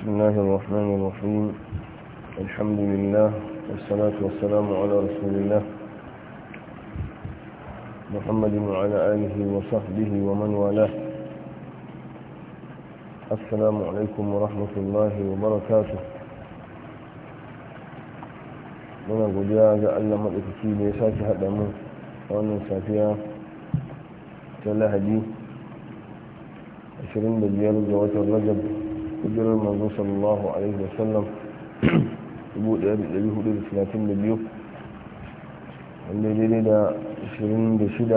بسم الله الرحمن الرحيم الحمد لله والصلاة والسلام على رسول الله محمد وعلى آله وصحبه ومن والاه السلام عليكم ورحمة الله وبركاته من godiya ga allah maɗaukaki da ya sake haɗa mu a wannan safiya ta hijirar manzo sallallahu alaihi wasallam 1432 wanda daidai da 26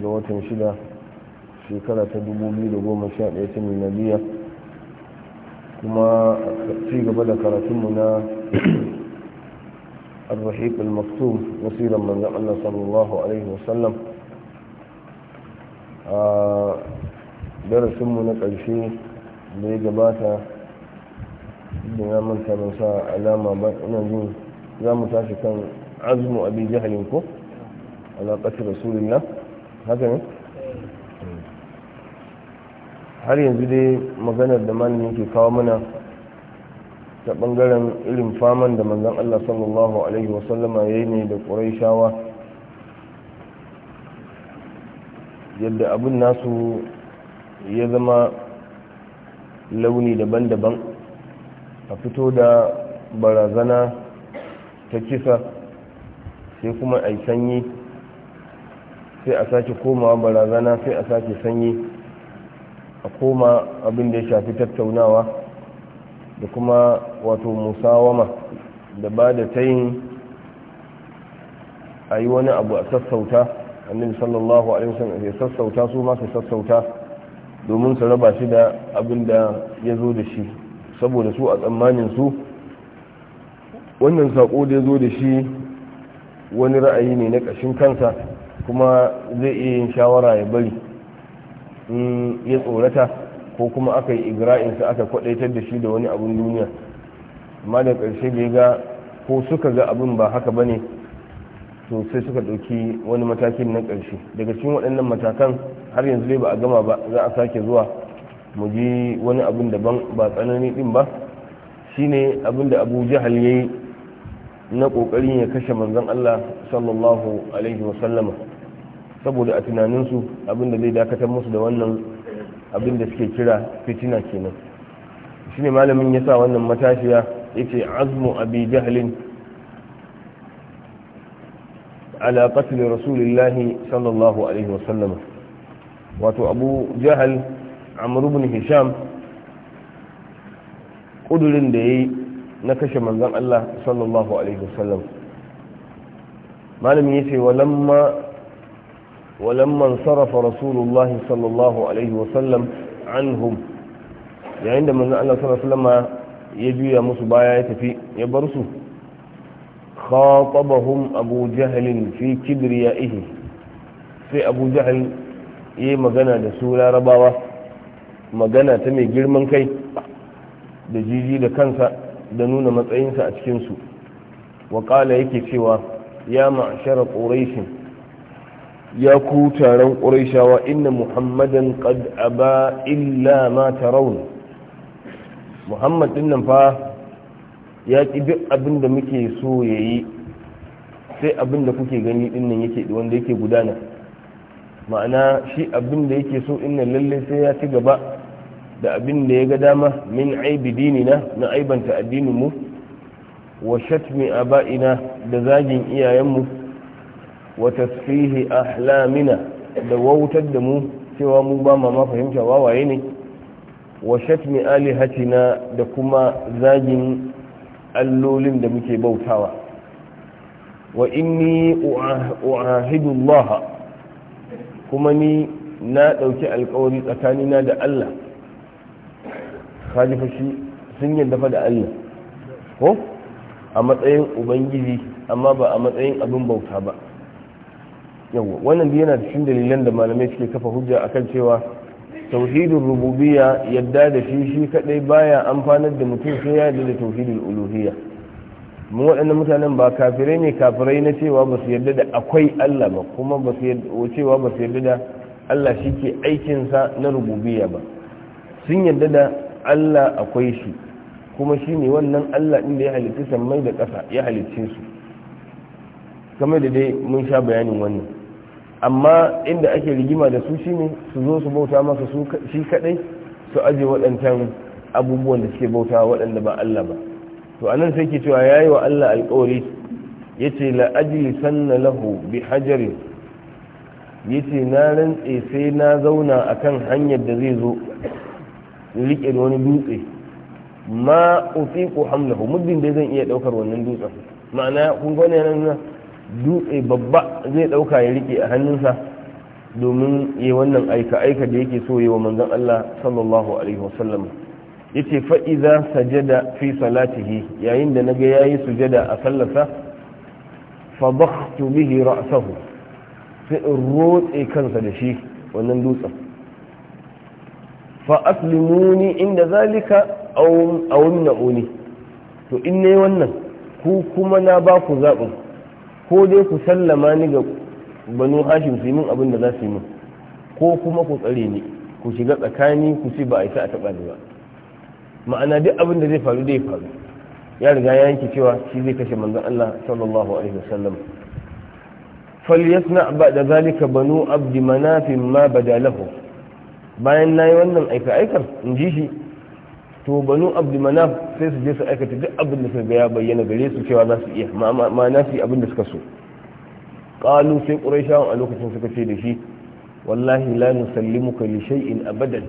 ga watan 6 shekara ta 2011 ta miladiya kuma ci gaba da karatunmu na الرحيق المكتوم نصيرا من الله صلى الله عليه وسلم درس من الشيء da ya gabata da ya manta ban sa alama ba ina jin za mu tashi kan azumin abin jihalin ko alaƙatar rasulullah haka ne har yanzu dai maganar da malin yake kawo mana ta ɓangaren irin faman da manzan allah sallallahu alaihi wasallama ya yi ne da ƙurai shawa yadda abin nasu ya zama launi daban-daban a fito da barazana ta kisa sai kuma a sanyi sai a sake komawa barazana sai a sake sanyi a koma abin da ya shafi tattaunawa da kuma wato musawama da ba da ta yin a yi wani abu a sassauta annin sallallahu alaihi wasallam ya sassauta su ma su sassauta domin su raba shi da abin da ya zo da shi saboda su a tsammanin su wannan sako da ya zo da shi wani ra'ayi ne na ƙashin kansa kuma zai iya yin shawara ya bari in ya tsorata ko kuma aka yi igra'insa aka kwadaitar da shi da wani abin duniya amma da ƙarshe da ya ga ko suka ga abin ba haka ba ne to suka ɗauki wani matakin na ƙarshe daga cikin waɗannan matakan har yanzu dai ba a gama ba za a sake zuwa mu ji wani abin daban ba tsanani din ba shine abin da abu jahal ya na kokarin ya kashe manzon allah sallallahu alaihi wasallama saboda a tunaninsu abin da zai dakatar musu da wannan abin da suke kira fitina kenan shine malamin ya sa wannan matashiya yace azmu abi jahlin ala qatl rasulillahi sallallahu alaihi wa sallam. wato abu jahal amru bin hisham kudurin da ya yi na kashe manzan Allah sallallahu alaihi wasallam malami ya ce walamman sarrafa rasulullahi sallallahu alaihi wasallam anhum yayin da manzan Allah sallallahu alaihi wasallam ya juya musu baya ya tafi ya bar su khatabahum abu jahalin fi kibriya'ihi sai abu jahal yi magana da su larabawa magana ta mai girman kai da jiji da kansa da nuna matsayinsa a cikinsu waƙala yake cewa ya ma'ashara ƙorashin ya ku taron ƙorashawa inna muhammadan qad aba illa ma tarawun muhammad nan fa ya ƙi duk abin da muke so ya yi sai abin da kuke gani ɗin nan yake wanda yake gudana ma'ana shi abin da yake so inna lalle sai ya ci gaba da abin da ya ga dama min aibi dinina na aibanta addinin mu wa shatmi aba'ina da zagin iyayen mu wa tasfihi ahlamina da wautar da mu cewa mu ba ma fahimta wawaye ne wa shatmi alihatina da kuma zagin allolin da muke bautawa wa inni u'ahidu Allah kuma ni na ɗauki alkawari tsakanina da Allah kaji shi sun yin dafa da Allah ko a matsayin ubangiji amma ba a matsayin abin bauta ba yawa wannan yana cikin dalilan da malamai suke kafa hujja akan cewa tauhidin rububiya yadda da shi shi kadai baya amfanar da mutum sai ya yadda da tauhidin uluhiyya mu waɗannan mutanen ba kafirai ne kafirai na cewa ba su yarda da akwai Allah ba kuma ba su cewa ba su yarda da Allah shi ke aikinsa na rububiya ba sun yarda da Allah akwai shi kuma shi ne wannan Allah inda ya halitta sammai da ƙasa ya halitta su kamar da dai mun sha bayanin wannan amma inda ake rigima da su shi ne su zo su bauta masa shi kaɗai su aje waɗancan abubuwan da suke bauta waɗanda ba Allah ba to anan sai ke cewa yayi wa Allah alƙawari yace la ajli sanna lahu bi hajar yace na rantse sai na zauna akan hanyar da zai zo rike da wani dutse ma utiqu hamlahu muddin da zan iya daukar wannan dutsen ma'ana kun ga wannan dutse babba zai dauka ya rike a hannunsa domin yi wannan aika aika da yake so yi wa manzon Allah sallallahu alaihi wasallam yace fa idza sajada fi salatihi yayin da naga yayi sujada a sallarsa fa bihi ra'sahu sai in rotse kansa da shi wannan dutsen fa aslimuni inda zalika aw aw na'uni to in ne wannan ku kuma na ba ku zabin ko dai ku sallama ni ga banu hashim su yi min abin da za su yi min ko kuma ku tsare ni ku shiga tsakani ku ci ba a isa a taɓa ba ma'ana duk abin da zai faru da ya faru ya riga ya yanke cewa shi zai kashe manzon Allah sallallahu alaihi wasallam falyasna ba'da zalika banu abd manaf ma badalahu bayan nayi wannan aika aikar in ji shi to banu abd manaf sai su je su aikata duk abin da suka ya bayyana gare su cewa za su iya ma na su abin da suka so qalu sai quraishawa a lokacin suka ce da shi wallahi la nusallimuka li shay'in abadan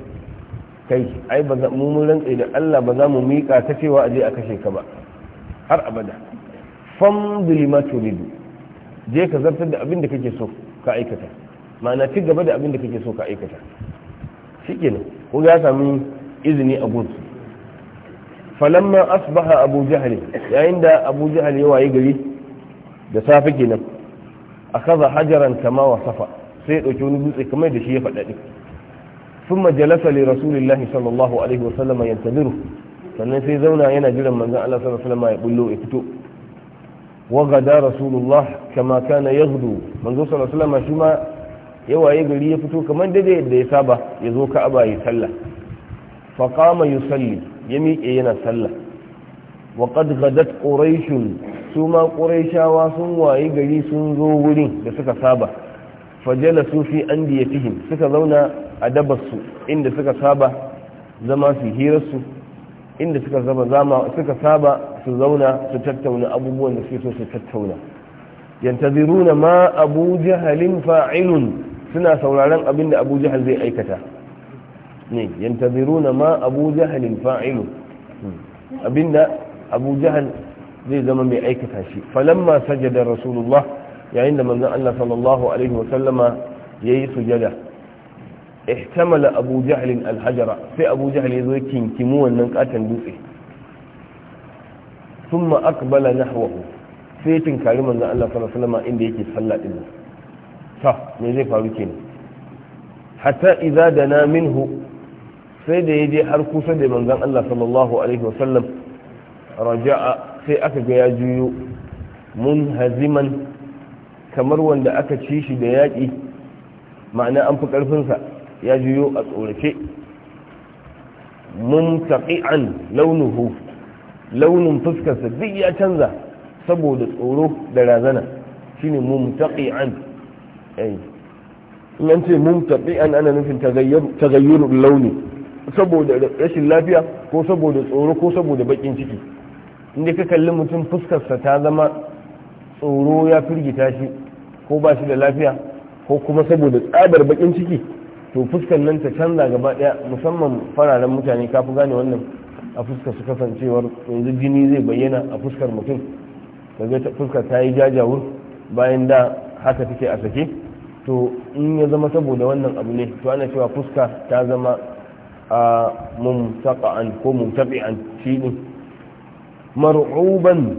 kai ai ba mu mun rantsa da Allah ba za mu miƙa ta cewa aje a kashe ka ba har abada famdil ma turidu je ka zartar da abin da kake so ka aikata ma'ana ci gaba da abin da kake so ka aikata shikenan ko ya samu izini a gun falamma asbaha abu jahal yayin da abu jahal ya waye gari da safe kenan akaza hajaran kama wasafa sai ya dauki wani dutse kamar da shi ya faɗa thumma jalasa li rasulillahi sallallahu alaihi wa sallama yantadiru sannan sai zauna yana jiran manzon Allah sallallahu alaihi wa ya bullo ya fito wa gada rasulullah kama kana yaghdu manzon sallallahu alaihi wa shi ma yawaye gari ya fito kamar dade yadda ya saba ya zo ka'aba ya sallah fa qama yusalli ya miƙe yana sallah wa qad gadat quraish su ma quraishawa sun waye gari sun zo wurin da suka saba fa fajalasu fi andiyatihim suka zauna a dabarsu inda suka saba zama su hirarsu inda suka zama zama suka saba su zauna su tattauna abubuwan da suke so su tattauna yantaziruna ma abu jahalin fa'ilun suna sauraron abin da abu jahal zai aikata ne yantaziruna ma abu jahalin fa'ilun abinda abu jahal zai zama mai aikata shi falamma sajada rasulullah yayin da manzon Allah sallallahu alaihi wa sallama yayi sujada ihtamala abu jahlin alhajara sai abu jahl ya zo kinkimu wannan katon dutse ثم أقبل نحوه sai tinkari manzan Allah sallallahu alaihi wasallam inda yake sallah din ta me zai faru kenan hatta idza dana minhu sai da yaje har kusa da manzan Allah sallallahu alaihi wasallam raja'a sai aka ga ya juyo haziman kamar wanda aka ci shi da yaƙi ma'ana an fi ƙarfinsa ya juyo a tsorace muntaqi'an launuhu launin fuskarsa duk ya canza saboda tsoro da razana shine mumtaqi'an ai eh, in an ce mumtaqi'an ana nufin tagayyar launi saboda rashin lafiya ko saboda tsoro ko saboda bakin ciki inda ka kalli mutum fuskarsa ta zama tsoro ya firgita shi ko ba shi da lafiya ko kuma saboda tsadar bakin ciki to fuskar nan ta canza gaba daya musamman fararen mutane kafi gane wannan a fuskar su kasancewar yanzu jini zai bayyana a fuskar mutum daga fuskar ta yi jajawur bayan da haka take a sake to in ya zama saboda wannan abu ne to ana cewa fuska ta zama a mumtaka'an ko mumtaka'an shi ne mar'uban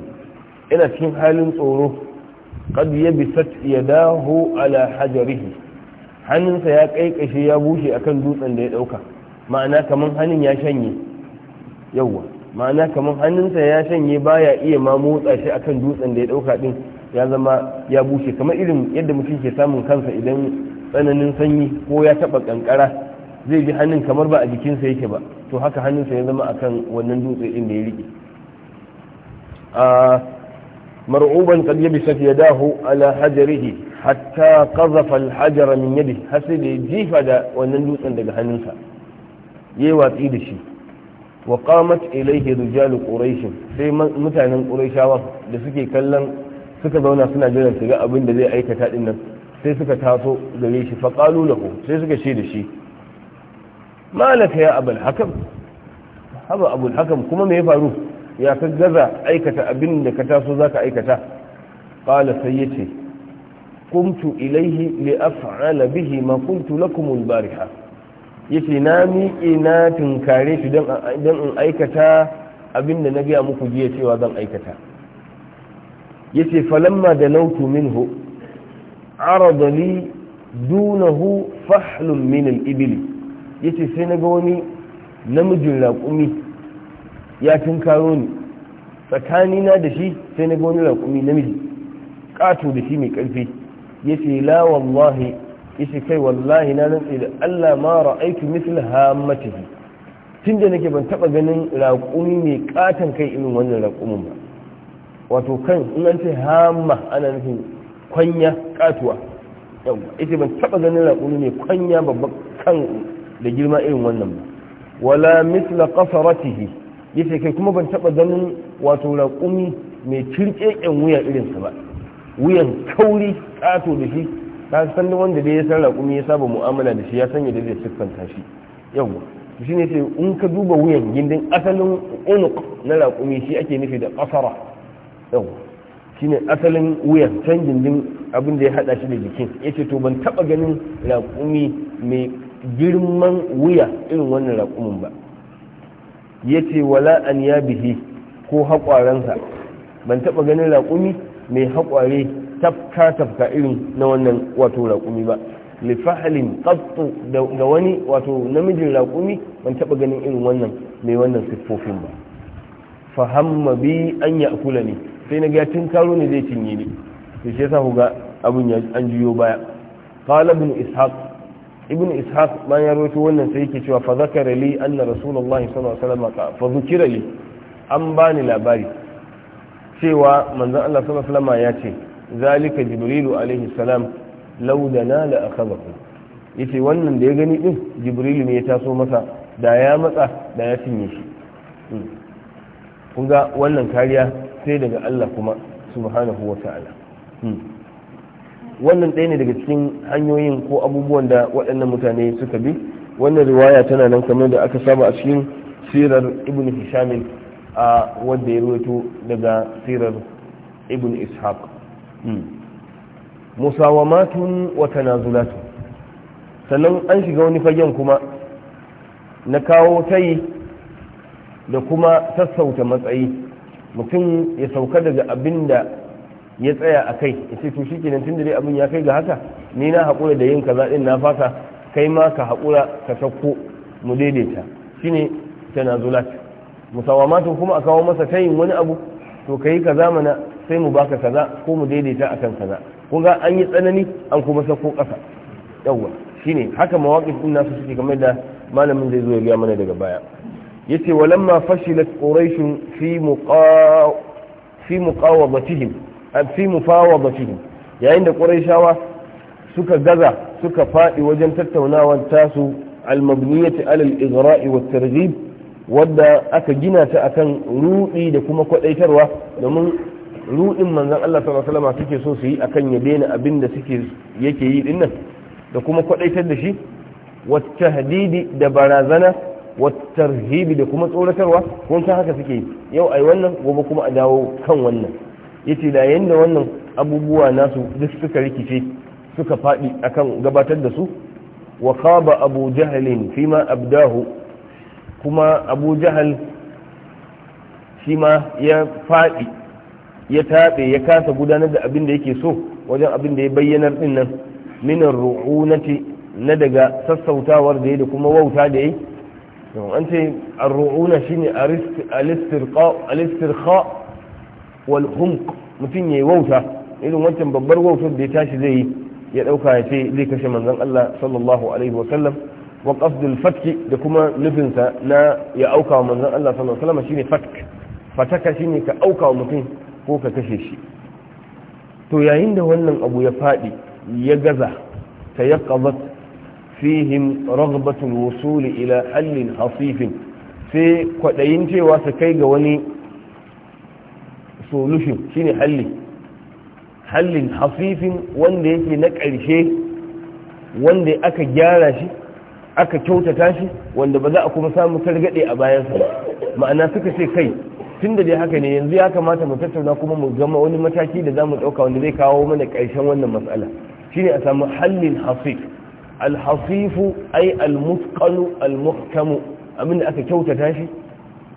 ina cikin halin tsoro yabi ya yadahu ala hajarihi hannunsa ya kaikashe ya bushe akan dutsen da ya dauka ma'ana kamar hannun ya shanye yawwa ma'ana kamar hannunsa ya shanye baya iya ma motsa shi akan dutsen da ya dauka din ya zama ya bushe kamar irin yadda mutum ke samun kansa idan tsananin sanyi ko ya taba kankara zai ji hannun kamar ba a jikinsa yake ba to haka hannunsa ya zama akan wannan dutse din da ya rike a ah, mar'uban qad yabisa yadahu ala hajarihi hatta qazafa alhajara hajara min yadi har sai da jifa da wannan dutsen daga hannunsa yayi watsi da shi wa qamat ilayhi rijal quraish sai mutanen quraishawa da suke kallon suka zauna suna jiran su ga abin da zai aikata din nan sai suka taso gare shi fa qalu lahu sai suka ce da shi malaka ya abul hakam haba abul hakam kuma me ya faru ya ka gaza aikata abin da ka taso zaka aikata qala sai yace kumtu ilaihi li af'ala bihi ma kuntu lakum bariha yace na miƙe na tunkare shi don in aikata abinda na gaya muku jiya cewa zan aikata yace falamma da nautu minhu arada dunahu fahlun min al-ibli yace sai na ga wani namijin raƙumi ya tunkaro ni tsakanina da shi sai na ga wani raƙumi namiji ƙato da shi mai ƙarfi yace la wallahi yace kai wallahi na rantsi da Allah ma ra'aitu mithla hammatihi tunda nake ban taba ganin raƙumi mai katan kai irin wannan raƙumin ba wato kan in an ce hamma ana nufin kwanya katuwa yawa yace ban taba ganin raƙumi mai kwanya babban kan da girma irin wannan ba wala mithla qasaratihi yace kai kuma ban taba ganin wato raƙumi mai cirƙeƙen wuya irinsa ba wuyan kauri kato da shi ta san wanda dai ya san raƙumi ya saba mu'amala da shi ya sanya da zai siffanta shi yau shi ne sai in ka duba wuyan gindin asalin unuk na raƙumi shi ake nufi da ƙasara yau shi ne asalin wuyan can gindin abin da ya hada shi da jikin yace to ban taba ganin raƙumi mai girman wuya irin wannan raƙumin ba ya ce wala an ya bihi ko haƙwaransa ban taba ganin raƙumi mai haƙware tafka tafka irin na wannan wato raƙumi ba lifahalin tsabtu ga wani wato namijin raƙumi ban taɓa ganin irin wannan mai wannan siffofin ba fahamma bi an ya kula ne sai na gaya tun karo ne zai cinye ni to shi ku ga abin ya an juyo baya qala ibn ishaq ibn ishaq ma ya rawaito wannan sai yake cewa fa zakara li anna rasulullahi sallallahu alaihi wasallam fa zukira li an bani labari cewa manzon Allah sallallahu alaihi ya ce zalika jibrilu alaihi salam laudana la akhadahu yace wannan da ya gani din jibrilu ne ya taso masa da ya matsa da ya cinye shi hmm. kun wannan kariya sai daga Allah kuma subhanahu wa ta'ala hmm. wannan ɗaya ne daga cikin hanyoyin ko abubuwan da waɗannan mutane suka bi wannan riwaya tana nan kamar da aka saba a cikin sirar ibn hishamil a wanda ya ruwaito daga sirar ibn ishaq hmm. musawamatun wa tanazulatu sannan an shiga wani fagen kuma na kawo tayi da kuma sassauta matsayi mutum ya sauka daga abin da ya tsaya a kai ya ce to shi kenan tun da dai abin ya kai ga haka ni na haƙura da yin kaza ɗin na fasa kai ma ka haƙura ka sauko mu daidaita shine tanazulat musawamatu kuma a kawo masa tayin wani abu to kai kaza mana sai mu baka kaza ko mu daidaita akan kaza kuga ga an yi tsanani an kuma sako ƙasa yawwa shine haka mawaƙif ɗin nasu suke kamar da malamin zai zo ya gaya mana daga baya yace walamma fashilat quraish fi muqa fi muqawadatihim eh, fi mufawadatihim yayin da quraishawa suka gaza suka fadi wajen tattaunawar tasu al-mabniyati ala al-ighra'i wat-targhib wadda aka gina ta akan rudi da kuma kwadaitarwa domin rudin manzon Allah sallallahu alaihi wasallam suke so su yi akan ya daina abin da suke yake yi dinnan da kuma kwadaitar da shi hadidi da barazana wattarhibi da kuma tsoratarwa kun san haka suke yau ai wannan gobe kuma a dawo kan wannan yace da yanda wannan abubuwa nasu duk suka rikice suka faɗi akan gabatar da su wa khaba abu jahlin fima abdahu kuma abu jahal shi ma ya faɗi ya taɓe ya kasa gudanar da abin da yake so wajen abin da ya bayyanar ɗin nan minar ru'unati na daga sassautawar da ya da kuma wauta da ya an ce ruuna shi ne istirqa wal humq mutum yayi wauta irin wancan babbar wautar da ya tashi zai yi ya dauka ya ce zai kashe manzon Allah sallallahu alaihi wa sallam wa qasdul fatki da kuma nufinsa na ya auka wa manzon Allah sallallahu alaihi wasallam shine fatk fataka shine ka auka wa mutum ko ka kashe shi to yayin da wannan abu ya fadi ya gaza tayaqqadat fihim raghbatul wusul ila hallin hasifin sai kwadayin cewa su kai ga wani solution shine halli hallin hasifin wanda yake na ƙarshe wanda aka gyara shi aka kyautata shi wanda ba za a kuma samu targaɗe a bayansa ba ma'ana suka ce kai tun da dai haka ne yanzu ya kamata mu tattauna kuma mu gama wani mataki da za mu ɗauka wanda zai kawo mana ƙarshen wannan matsala shine a samu hallin hasif alhasifu ai almuskanu almuhkamu da aka kyautata shi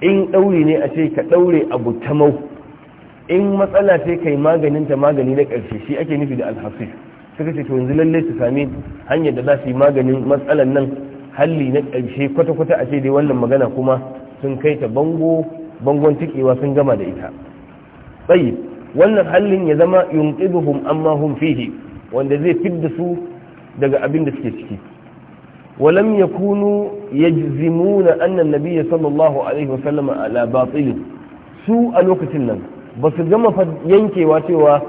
in daure ne a ce ka ɗaure abu tamau in matsala ce kai maganin ta magani na ƙarshe shi ake nufi da alhasif suka ce to yanzu lalle su sami hanyar da za su yi maganin matsalar nan halli na ƙarshe kwata-kwata a ce dai wannan magana kuma sun kai ta bango bangon tikewa sun gama da ita tsayi wannan hallin ya zama yunqiduhum amma hum fihi wanda zai fidda su daga abin da suke ciki ولم يكونوا يجزمون أن النبي صلى الله عليه وسلم على باطل su a lokacin nan ba su gama yankewa cewa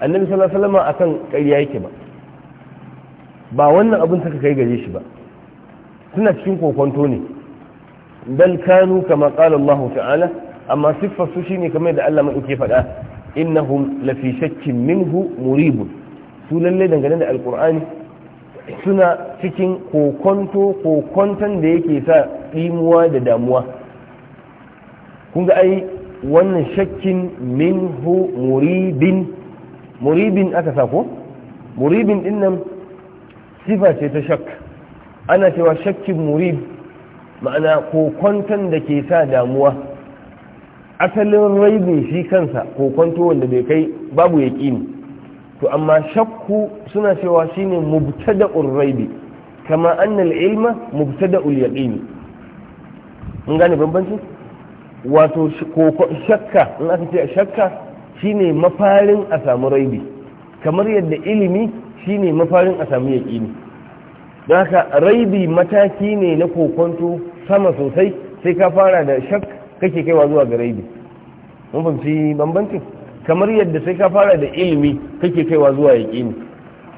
annabi sallallahu alaihi wasallam akan ƙarya yake ba ba wannan abin saka kai gare shi ba suna cikin kokonto ne bal kanu kama qala Allah ta'ala amma siffar su shine kamar da Allah mai ke faɗa innahum la fi shakkin minhu murib su lalle dangane da alqur'ani suna cikin kokonto kokontan da yake sa ɗimuwa da damuwa kun ga ai wannan shakkin minhu muribin muribin aka sa ko muribin din nan sifa ce ta shak ana cewa shakkin murib ma'ana kokonton da ke sa damuwa asalin raibin shi kansa kokonto wanda bai kai babu yaƙini to amma shakku suna cewa shine mubtada'ur raibi kama anna al-ilma mubtada'ul yaqini mun gane bambanci wato shakka in aka ce shakka shine mafarin a samu raibi kamar yadda ilimi shine mafarin a samu yaƙini don haka raibi mataki ne na kokonto sama sosai sai ka fara da shak kake kaiwa zuwa ga raibi mun fahimci bambancin kamar yadda sai ka fara da ilimi kake kaiwa zuwa yaƙini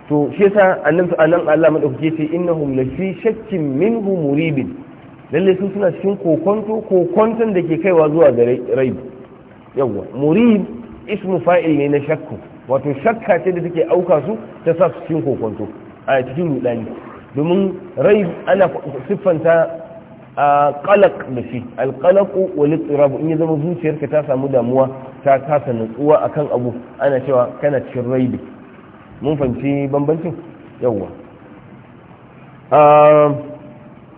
to shi yasa annabi anan Allah madaukake ce innahum la fi shakkin minhu muribin lalle su suna cikin kokonto kokonton da ke kaiwa zuwa ga raibi yawa murib ismu fa'il ne na shakku wato shakka ce da take auka su ta sa su cikin kokonto a cikin rudani domin rai ana siffanta a kalak da shi alkalaku wani tsirabu in ya zama zuciyarka ta samu damuwa ta kasa nutsuwa akan abu ana cewa kana rai raibi mun fahimci bambancin yawwa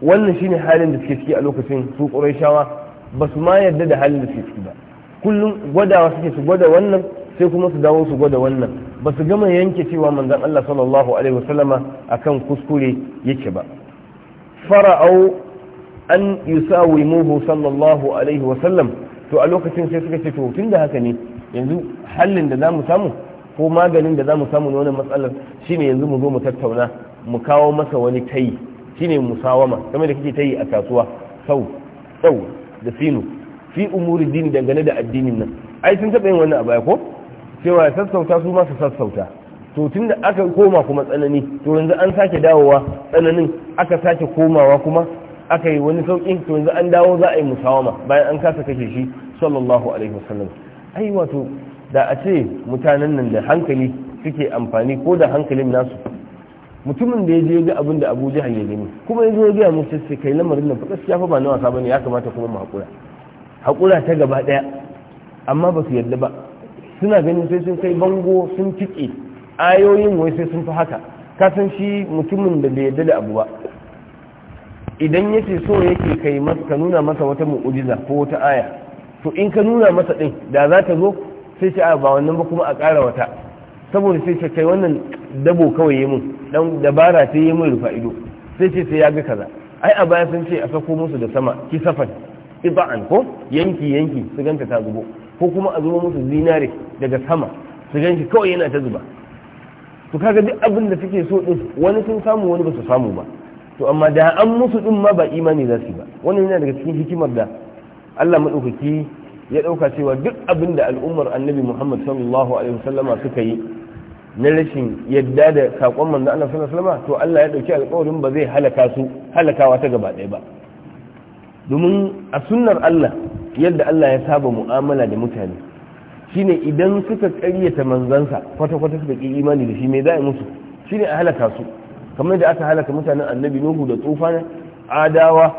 wannan shine halin da suke ciki a lokacin su ƙurai shawa ba su ma yarda da halin da suke ciki ba kullum gwadawa suke su gwada wannan sai kuma su dawo su gwada wannan ba su gama yanke cewa manzan Allah sallallahu alaihi wasallama kan kuskure yake ba fara'au an yi muhu sallallahu alaihi wasallam to a lokacin sai suka ce to da haka ne yanzu hallin da za mu samu ko maganin da za mu samu na matsalar shine yanzu mu zo mu tattauna mu kawo masa wani tayi shine musawama kamar da kake tayi a kasuwa sau sau da sinu fi umuri dini dangane da addinin nan ai sun taba yin wannan a baya ko cewa sassauta su masu sassauta to tun da aka koma kuma tsanani to yanzu an sake dawowa tsananin aka sake komawa kuma aka yi wani sauƙin to yanzu an dawo za a yi musawama bayan an kasa kashe shi sallallahu alaihi wasallam ai wato da a ce mutanen nan da hankali suke amfani ko da hankalin nasu mutumin da ya je ga abin da abu jihar ya gani kuma ya zo ya gaya musu sai kai lamarin nan fa gaskiya fa ba na wasa bane ya kamata kuma mu hakura. haƙura ta gaba ɗaya amma ba su yarda ba suna ganin sai sun kai bango sun cike ayoyin wai sai sun fi haka kasan shi mutumin da bai yarda da abu ba idan yake so yake kai ka nuna masa wata mu'ujiza ko wata aya to in ka nuna masa ɗin da za ta zo sai ce a ba wannan ba kuma a ƙara wata saboda sai ce kai wannan dabo kawai yi mun dan dabara sai yi mun rufa ido sai ce sai ya ga kaza ai a baya sun ce a sako musu da sama ki kisafan iba'an ko yanki yanki su ganta ta zubo ko kuma a zubo musu zinare daga sama su ganshi kawai yana ta zuba to kaga duk abin da suke so din wani sun samu wani ba su samu ba to amma da an musu din ma ba imani za su ba wannan yana daga cikin hikimar da Allah madaukaki ya dauka cewa duk abin da al'ummar Annabi Muhammad sallallahu alaihi wasallama suka yi na rashin yadda da sakon manzo Allah sallallahu alaihi wasallama to Allah ya dauki alƙawarin ba zai halaka su halakawa ta gaba ɗaya ba domin a sunnar Allah yadda Allah ya saba mu'amala da mutane shine idan suka karyata manzansa kwata-kwata suka ƙi imani da shi mai za mutu, musu shine a halaka su kamar da aka halaka mutanen annabi nuhu da tsofana adawa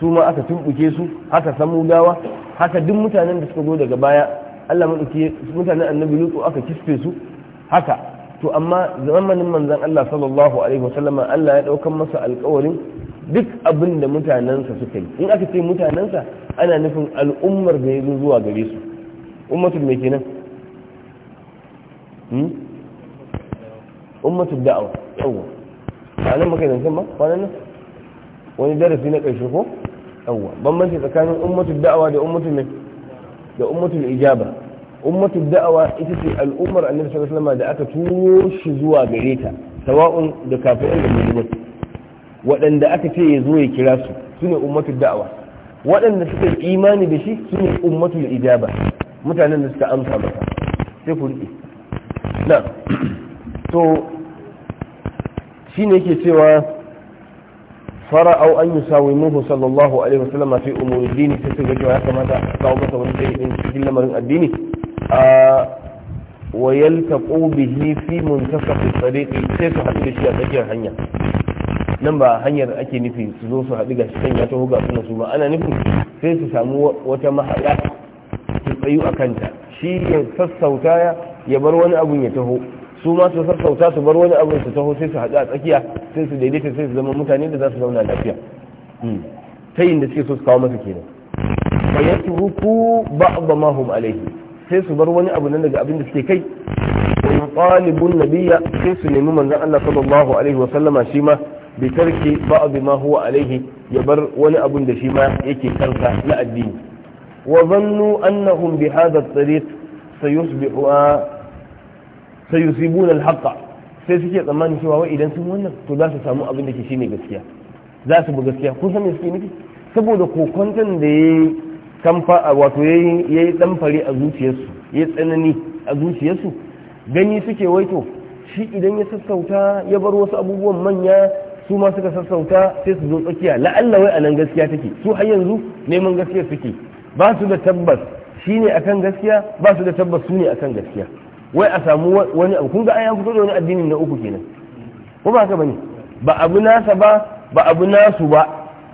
su ma aka tumbuke su haka samudawa haka duk mutanen da suka zo daga baya Allah mutanen annabi lutu aka kisfe su haka to amma zamanin manzon Allah sallallahu alaihi wasallama Allah ya ɗaukar masa alƙawarin duk abin da mutanensa suka yi in aka ce mutanensa ana nufin al'ummar da ya zo zuwa gare su ummatu mai kenan hmm? ummatu da'awa yawa a nan maka zancen ma kwanan nan wani darasi na ƙarshe ko yawa bambanci tsakanin ummatu da'awa da ummatu mai da ummatul ijaba ummatu da'awa ita ce al'ummar annabi sallallahu alaihi wasallam da aka tuwo shi zuwa gare ta sawa'un da kafin da musulmai waɗanda aka ce ya zo ya kira su su ne ummatu da'awa waɗanda suka yi imani da shi su ne ummatu ummatul ijaba mutanen da suka amsa masa sai ku riƙe na to shi ne yake cewa fara'au an yi sawimuhu sallallahu alaihi wasallam fi umar dini sai suka cewa ya kamata a kawo masa wani ɗaya cikin lamarin addini a wayalta bihi fi muntasaf tariqi sai su haɗu da shi a tsakiyar hanya nan ba hanyar ake nufi su zo su haɗu ga shi ya taho ga suna su ba ana nufin sai su samu wata mahaɗa su tsayu a kanta shi ya sassauta ya bar wani abun ya taho su ma su sassauta su bar wani abun su taho sai su haɗu a tsakiya sai su daidaita sai su zama mutane da za su zauna lafiya hmm. ta yin da suke so su kawo masa kenan fa ba ba'd ma hum alaihi sai su bar wani abu nan daga abin da suke kai wa yuqalibun nabiyya sai su nemi manzon Allah sallallahu alaihi wa sallama shi ma bi tarki ba'd ma huwa alaihi ya bar wani abun da shi ma yake kansa na addini wa zannu annahum bi hadha at-tariq sayusbihu sayusibuna al haqq sai suke tsammanin cewa wai idan sun wannan to za su samu abin da ke shine gaskiya za su bi gaskiya kun san me suke nufi saboda kokonton da yayi kamfa wato yayi yayi damfare a zuciyarsu yayi tsanani a zuciyarsu gani suke waito shi idan ya sassauta ya bar wasu abubuwan manya su ma suka sassauta sai su zo tsakiya la'alla wai anan gaskiya take su har yanzu neman gaskiya suke ba su da tabbas shine akan gaskiya ba su da tabbas su ne akan gaskiya wai a samu wani abu kun ga an fito da wani addini na uku kenan ko ba haka bane ba abu nasa ba ba abu nasu ba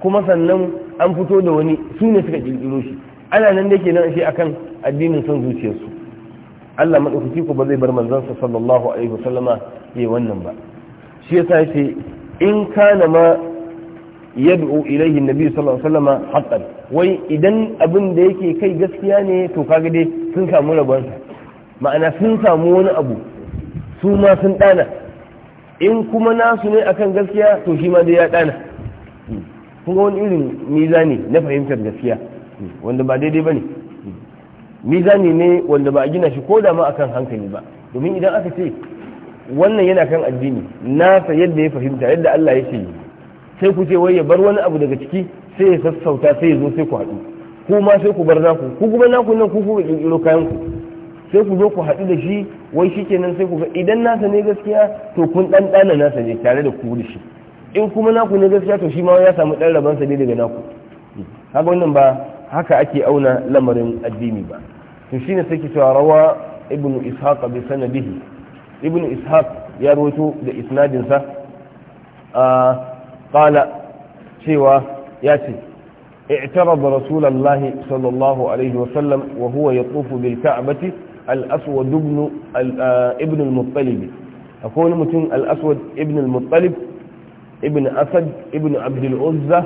kuma sannan an fito da wani su ne suka kirkiro shi ana nan da kenan shi akan addinin son zuciyarsu Allah madaukaki ku ba zai bar manzansa sallallahu alaihi wasallama yayi wannan ba shi yasa yace in kana ma yad'u ilaihi nabi sallallahu alaihi wasallam haqqan wai idan abin da yake kai gaskiya ne to kaga dai sun samu rabon ma'ana sun samu wani abu su ma sun dana in kuma nasu ne akan gaskiya to shi ma dai ya dana kun ga wani irin mizani na fahimtar gaskiya wanda ba daidai bane mizani ne wanda ba a gina shi ko da ma akan hankali ba domin idan aka ce wannan yana kan addini nasa yadda ya fahimta yadda Allah ya ce sai ku ce wai ya bar wani abu daga ciki sai ya sassauta sai ya zo sai ku haɗu ku ma sai ku bar naku ku kuma naku nan ku ku kirkiro kayan ku sai ku zo ku haɗu da shi wai shi kenan sai ku ga idan nasa ne gaskiya to kun ɗanɗana nasa ne tare da ku da shi in kuma naku ne gaskiya to shi ma ya samu ɗan rabansa ne daga naku haka wannan ba haka ake auna lamarin addini ba to shine sai ki cewa rawa ibnu ishaq bi sanadihi ibn ishaq ya rawaito da isnadinsa a qala cewa ya ce اعترض رسول الله صلى الله عليه وسلم وهو يطوف بالكعبة الأسود ابن ابن المطلب أقول متن الأسود ابن المطلب ابن أسد ابن عبد العزة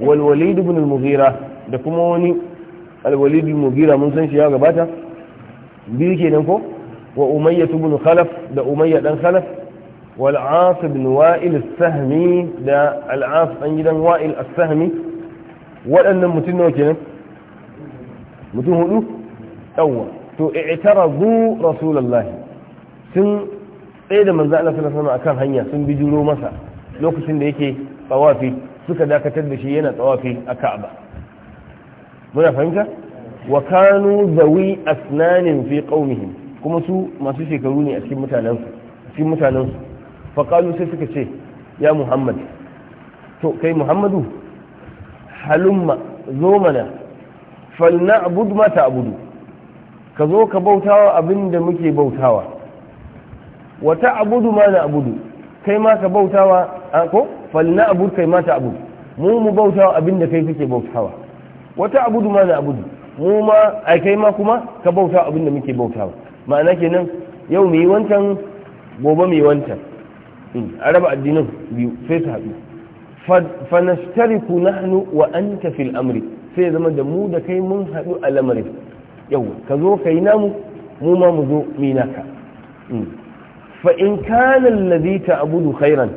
والوليد بن المغيرة دكموني الوليد المغيرة من سنشي يا غباتا بيكي ننكو wa umayya ibn khalaf da umayya dan khalaf wal as ibn wa'il da al gidan wa'il as-sahmi waɗannan mutum nawa kenan mutum hudu yawwa to i'tarazu rasulullahi sun tsaye da manzo Allah sallallahu alaihi akan hanya sun bijiro masa lokacin da yake tsawafi suka dakatar da shi yana tsawafi a Ka'aba muna fahimta wa kanu zawi asnanin fi kuma su masu shekaru ne a cikin mutanensu cikin faƙalu sai suka ce ya muhammad to kai muhammadu halumma zo mana falna abudu ta abudu ka zo ka bautawa abin da muke bautawa wata abudu ma na abudu kai ma ka bautawa a ko falna abudu kai ma ta abudu mu mu bautawa abin da kai kake bautawa wata abudu ma na abudu mu ma ai kai ma kuma ka bauta abin da muke bautawa ma'ana kenan yau mu yi wancan gobe mu yi wancan hmm, a raba addinin biyu sai su haɗu fanastariku nahnu wa anta fil amri sai zama da mu da kai mun haɗu a lamarin yau ka zo ka yi namu mu ma mu zo mu yi naka hmm. fa in kana allazi ta'budu khairan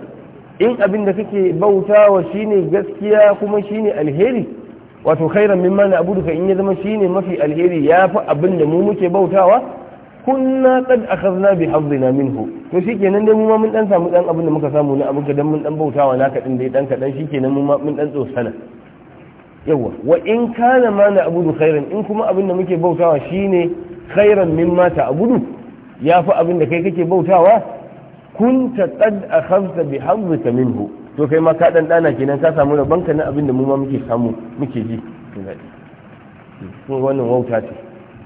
in abin da kake bautawa shine gaskiya kuma shine alheri wato khairan mimma na'budu ka in ya zama shine mafi alheri ya yafi abin da mu muke bautawa kunna qad akhadna bi hazzina minhu to shikenan dai mu ma mun dan samu dan abin da muka samu na abin ka mun dan bautawa naka din dai dan ka shikenan mu ma mun dan tsosana yawa wa in kana ma na abudu khairan in kuma abin da muke bautawa shine khairan mimma ta abudu yafi abin da kai kake bautawa kunta qad akhadta bi hazzika minhu to kai ma ka dan dana kenan ka samu rabanka na abin da mu ma muke samu muke ji to hmm, wannan wauta ce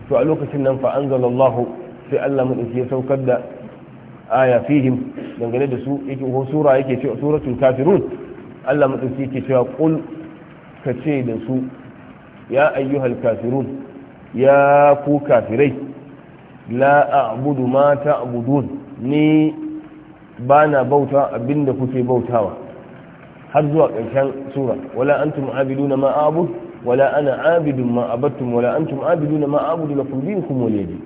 to a lokacin nan fa anzalallahu sai Allah madauki ya saukar da aya fihim dangane da su yake ko sura yake cewa suratul kafirun Allah madauki yake cewa qul ce da su ya ayyuhal kafirun ya ku kafirai la a'budu ma ta'budun ni bana bauta abinda kuke bautawa har zuwa ƙarshen sura wala antum abiduna ma a'bud wala ana abidun ma abattum wala antum abiduna ma a'budu lakum dinukum waliyadi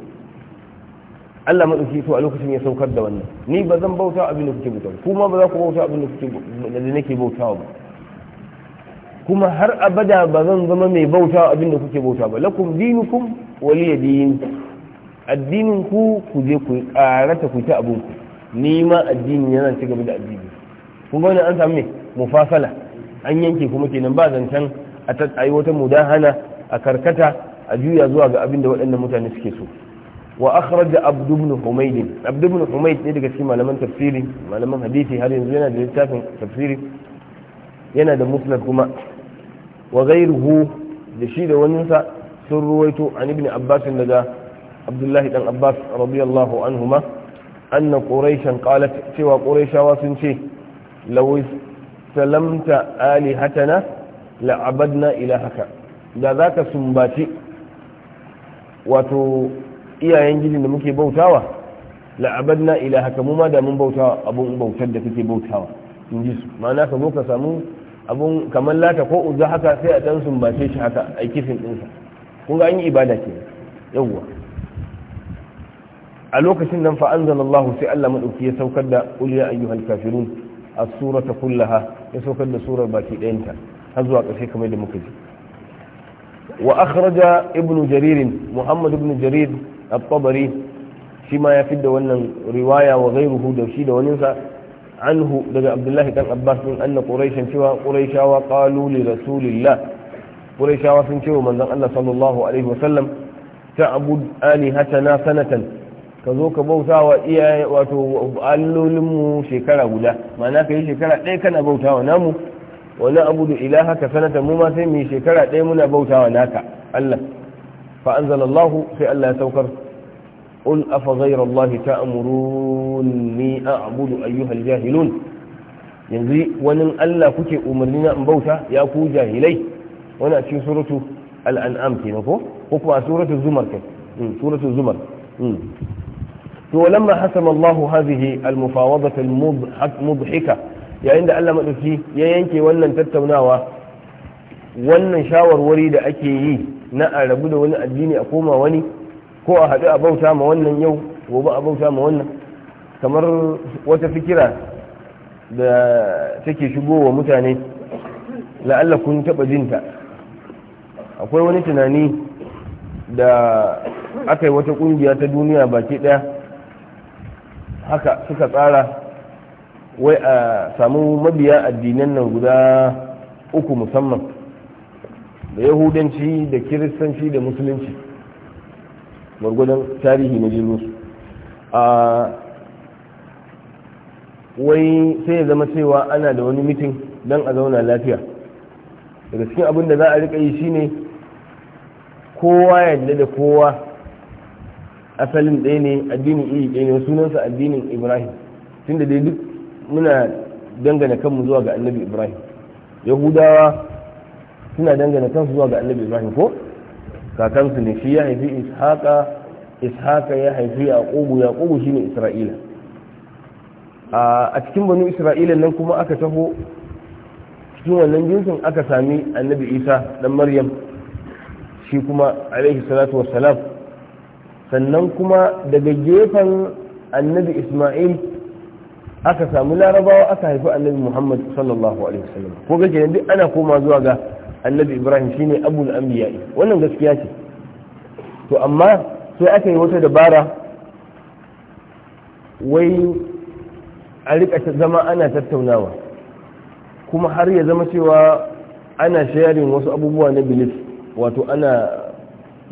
Allah madauki to a lokacin ya saukar da wannan ni ba zan bauta abin da kuke bauta kuma ba za ku bauta abin da kuke da nake bautawa ba kuma har abada ba zan zama mai bauta abin da kuke bauta ba lakum dinukum waliya din addinin ku ku je ku karata ku ta abun ku ni ma addini yana ci gaba da addini kun ga an samu me mufasala an yanke kuma kenan ba zancen a yi wata mudahana a karkata a juya zuwa ga abin da waɗannan mutane suke so wa akhraj abd ibn humayd abd ibn humayd ne daga cikin malaman tafsiri malaman hadisi har yanzu yana da littafin tafsiri yana da musnad kuma wa ghayruhu da shi da wani sa sun ruwaito an ibn abbas daga abdullahi dan abbas radiyallahu anhuma anna quraishan qalat cewa quraishawa sun ce law salamta alihatana ila ilahaka da zaka sumbaci wato iyayen ginin da muke bautawa la'abadna ilahaka mu ma da mun bautawa abun bautar da kake bautawa in ji su ma'ana ka zo ka samu abun kamar lata ko uzza haka sai a dan bace shi haka a kifin dinsa kun ga an yi ibada ke yawwa a lokacin nan fa anzalallahu sai Allah madauki ya saukar da qul ayyuhal kafirun as-surata kullaha ya saukar da surar baki ɗayanta har zuwa ƙarshe kamar da muka ji wa akhraja ibnu jaririn muhammad ibnu jarir at-tabari shi ma ya da wannan riwaya wa ghayruhu da shi da waninsa anhu daga abdullahi dan abbas din anna quraishan cewa quraishawa qalu li rasulillah quraishawa sun cewa manzon Allah sallallahu alaihi wasallam ta'bud alihatana sanatan ka zo ka bauta wa wato allolinmu shekara guda ma'ana ka yi shekara ɗaya kana bauta wa namu wani abu sanatan mu ma sai mu shekara ɗaya muna bauta wa naka Allah fa sai Allah ya saukar qul afa ghayra allahi ta'muruni a'budu ayyuhal jahilun yanzu wani Allah kuke umarni na bauta ya ku jahilai wani a cikin suratu al'an'am ke ko ko kuma zumar kai suratu zumar to lamma hasama Allah hadhihi yayin da Allah madauki ya yanke wannan tattaunawa wannan shawarwari da ake yi na a rabu da wani addini a koma wani ko a haɗu a bauta ma wannan yau gobe a bauta ma wannan kamar wata fikira da take shigo wa mutane la'alla kun taɓa jinta akwai wani tunani da aka yi wata ƙungiya ta duniya baki ɗaya haka suka tsara wai a samu mabiya addinan nan guda uku musamman da yahudanci da kiristanci da musulunci margudan tarihi na jinusu a wai sai ya zama cewa ana da wani mitin don a zauna lafiya daga cikin abin da za a rika yi shine kowa yadda da kowa asalin ɗaya ne addinin iri ɗaya ne sunansa addinin ibrahim tunda dai duk muna dangana kanmu zuwa ga annabi ibrahim yahudawa suna dangana kansu zuwa ga annabi ibrahim ko kakansu ne shi ya haifi ishaqa ishaqa ya haifi yaqubu yaqubu shine isra'ila a cikin banu isra'ila nan kuma aka taho cikin wannan jinsin aka sami annabi isa dan maryam shi kuma alaihi salatu wassalam sannan kuma daga gefen annabi isma'il aka samu larabawa aka haifi annabi muhammad sallallahu alaihi wasallam ko gaje duk ana koma zuwa ga annabi ibrahim shine abul anbiya wannan gaskiya ce to amma sai aka yi wata dabara wai a rika zama ana tattaunawa kuma har ya zama cewa ana sharing wasu abubuwa na bilis wato ana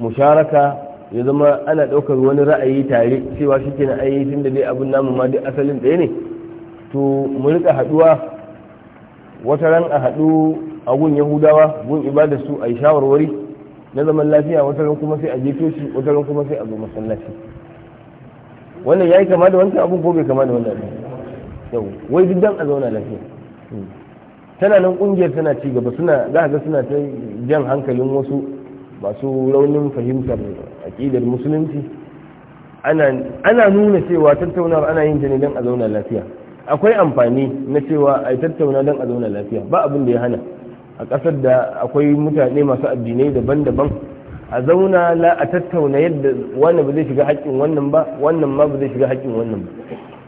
musharaka ya zama ana ɗaukar wani ra'ayi tare cewa shi ke na ayyukin da dai abin namu ma duk asalin ɗaya ne to mu rika haɗuwa wata ran a haɗu a gun yahudawa gun ibada su a yi shawarwari na zaman lafiya wata ran kuma sai a jefe su wata ran kuma sai a zo masallaci wannan yayi kama da wancan abun ko bai kama da wannan abun yau wai duk dan a zauna lafiya hmm. tana nan kungiyar tana ci gaba suna za ga suna ta jan hankalin wasu masu raunin fahimtar aqidar musulunci ana nuna cewa tattaunawa ana yin ta ne dan a zauna lafiya akwai amfani na cewa a tattauna dan a zauna lafiya ba abin da ya hana a ƙasar da akwai mutane masu addinai daban-daban a zauna la a tattauna yadda wannan ba zai shiga haƙƙin wannan ba wannan ma ba zai shiga haƙƙin wannan ba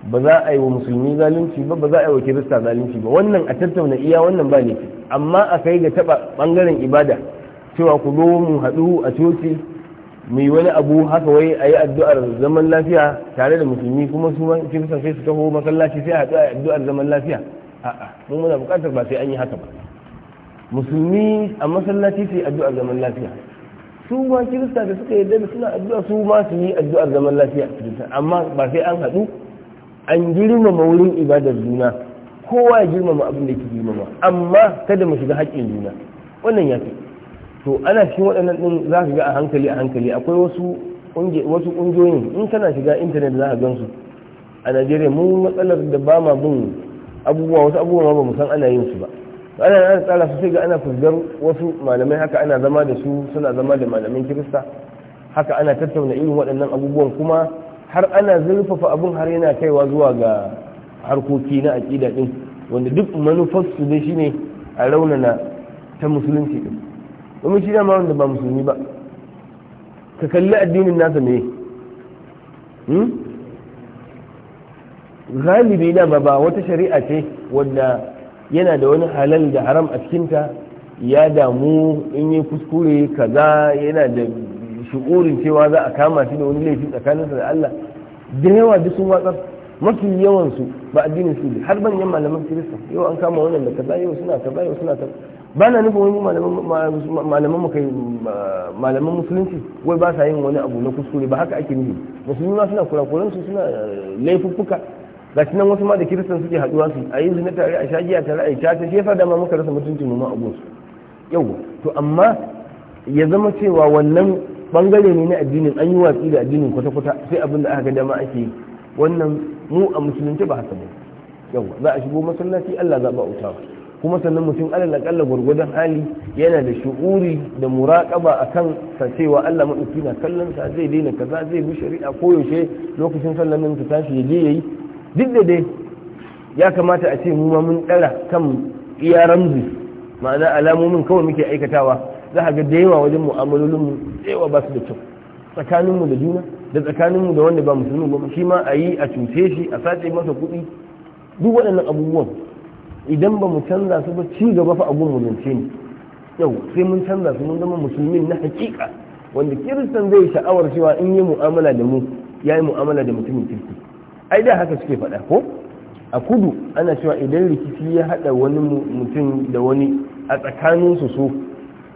ba za a yi wa musulmi zalunci ba ba za a yi wa kirista zalunci ba wannan a tattauna iya wannan ba ne amma a kai ga taɓa ɓangaren ibada cewa ku zo mu haɗu a coci mu yi wani abu haka wai a yi addu'ar zaman lafiya tare da musulmi kuma su kirista sai su taho masallaci sai a haɗu a addu'ar zaman lafiya a'a mun muna buƙatar ba sai an yi haka ba musulmi a masallaci su yi addu'ar zaman lafiya su ma kirista da suka yarda da suna addu'a su ma su yi addu'ar zaman lafiya amma ba sai an haɗu an girmama wurin ibadar juna kowa ya girmama abin da ke girmama amma kada mu shiga haƙƙin juna wannan ya fi to ana cikin waɗannan ɗin za ka ga a hankali a hankali akwai wasu wasu ƙungiyoyin in kana shiga intanet za ka gansu a najeriya mun matsalar da ba ma bin abubuwa wasu abubuwa ba mu san ana yin su ba ana ana tsara su ga ana fuskar wasu malamai haka ana zama da su suna zama da malamin kirista haka ana tattauna irin waɗannan abubuwan kuma har ana zurfafa abin har yana kaiwa zuwa ga harkoki na aƙida ɗin wanda duk manufarsu ne shine a raunana ta musulunci ɗin domin shi dama wanda ba musulmi ba ka kalli addinin nasa ne hmm? galibi dama ba wata shari'a ce wadda yana da wani halal da haram a cikinta ya damu in yi kuskure kaza yana da shi'urin cewa za a kama shi da wani laifi tsakaninsa da Allah da yawa duk sun watsar mafi yawan su ba addinin su har manyan malaman kirista yau an kama wannan da kaza yau suna kaza yau suna kaza ba na nufin wani malaman musulunci wai ba sa yin wani abu na kuskure ba haka ake nufi musulmi ma suna kurakuransu suna eh, laifuffuka ga nan wasu ma da kiristan suke haduwa su a yi zina tare a shagiya tare a yi caca shi yasa dama muka rasa mutuncin mu ma a gonsu yau to amma ya zama cewa wannan bangare ne na addinin an yi watsi da addinin kwata-kwata sai abin da aka ga dama ake wannan mu a musulunci ba haka ba yau za a shigo masallaci Allah za ba kuma sannan mutum ala akalla gwargwadon hali yana da shu'uri da muraqaba akan sa cewa Allah madauki na kallon sa zai daina kaza zai bi shari'a koyaushe lokacin sallan nan ta tashi ya je yayi duk da dai ya kamata a ce mu ma mun dara kan iya ramzi ma'ana alamomin kawai muke aikatawa za a ga da yawa wajen mu'amalolinmu yawa ba su da kyau tsakaninmu da juna da tsakaninmu da wanda ba musulmi ba shi ma a yi a cuce shi a sace masa kuɗi duk waɗannan abubuwan idan ba mu canza su ba ci gaba fa abun mu zance ne yau sai mun canza su mun zama musulmin na hakika wanda kiristan zai sha'awar cewa in yi mu'amala da mu ya yi mu'amala da mutumin kirki ai da haka suke faɗa ko a kudu ana cewa idan rikici ya haɗa wani mutum da wani a tsakaninsu su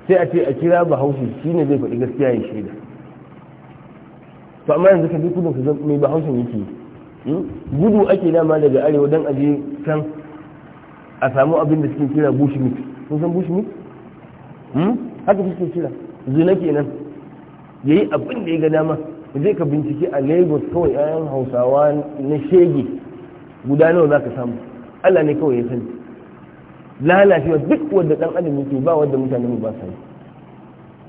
sai a ce a kira bahaushe shi ne zai faɗi gaskiya ya shaida to amma yanzu ka bi kudu ka mai bahaushen yake hmm? gudu ake dama daga arewa don aje can a samu abin da suke kira bushmit sun san bushmit hmm? haka suke kira zina kenan yi abin da ya ga dama ka ka binciki a lagos kawai 'ya'yan hausawa na shege guda nawa za ka samu allah ne kawai ya sani lalacewa duk wadda dan adam yake ba wadda mutane mu ba sani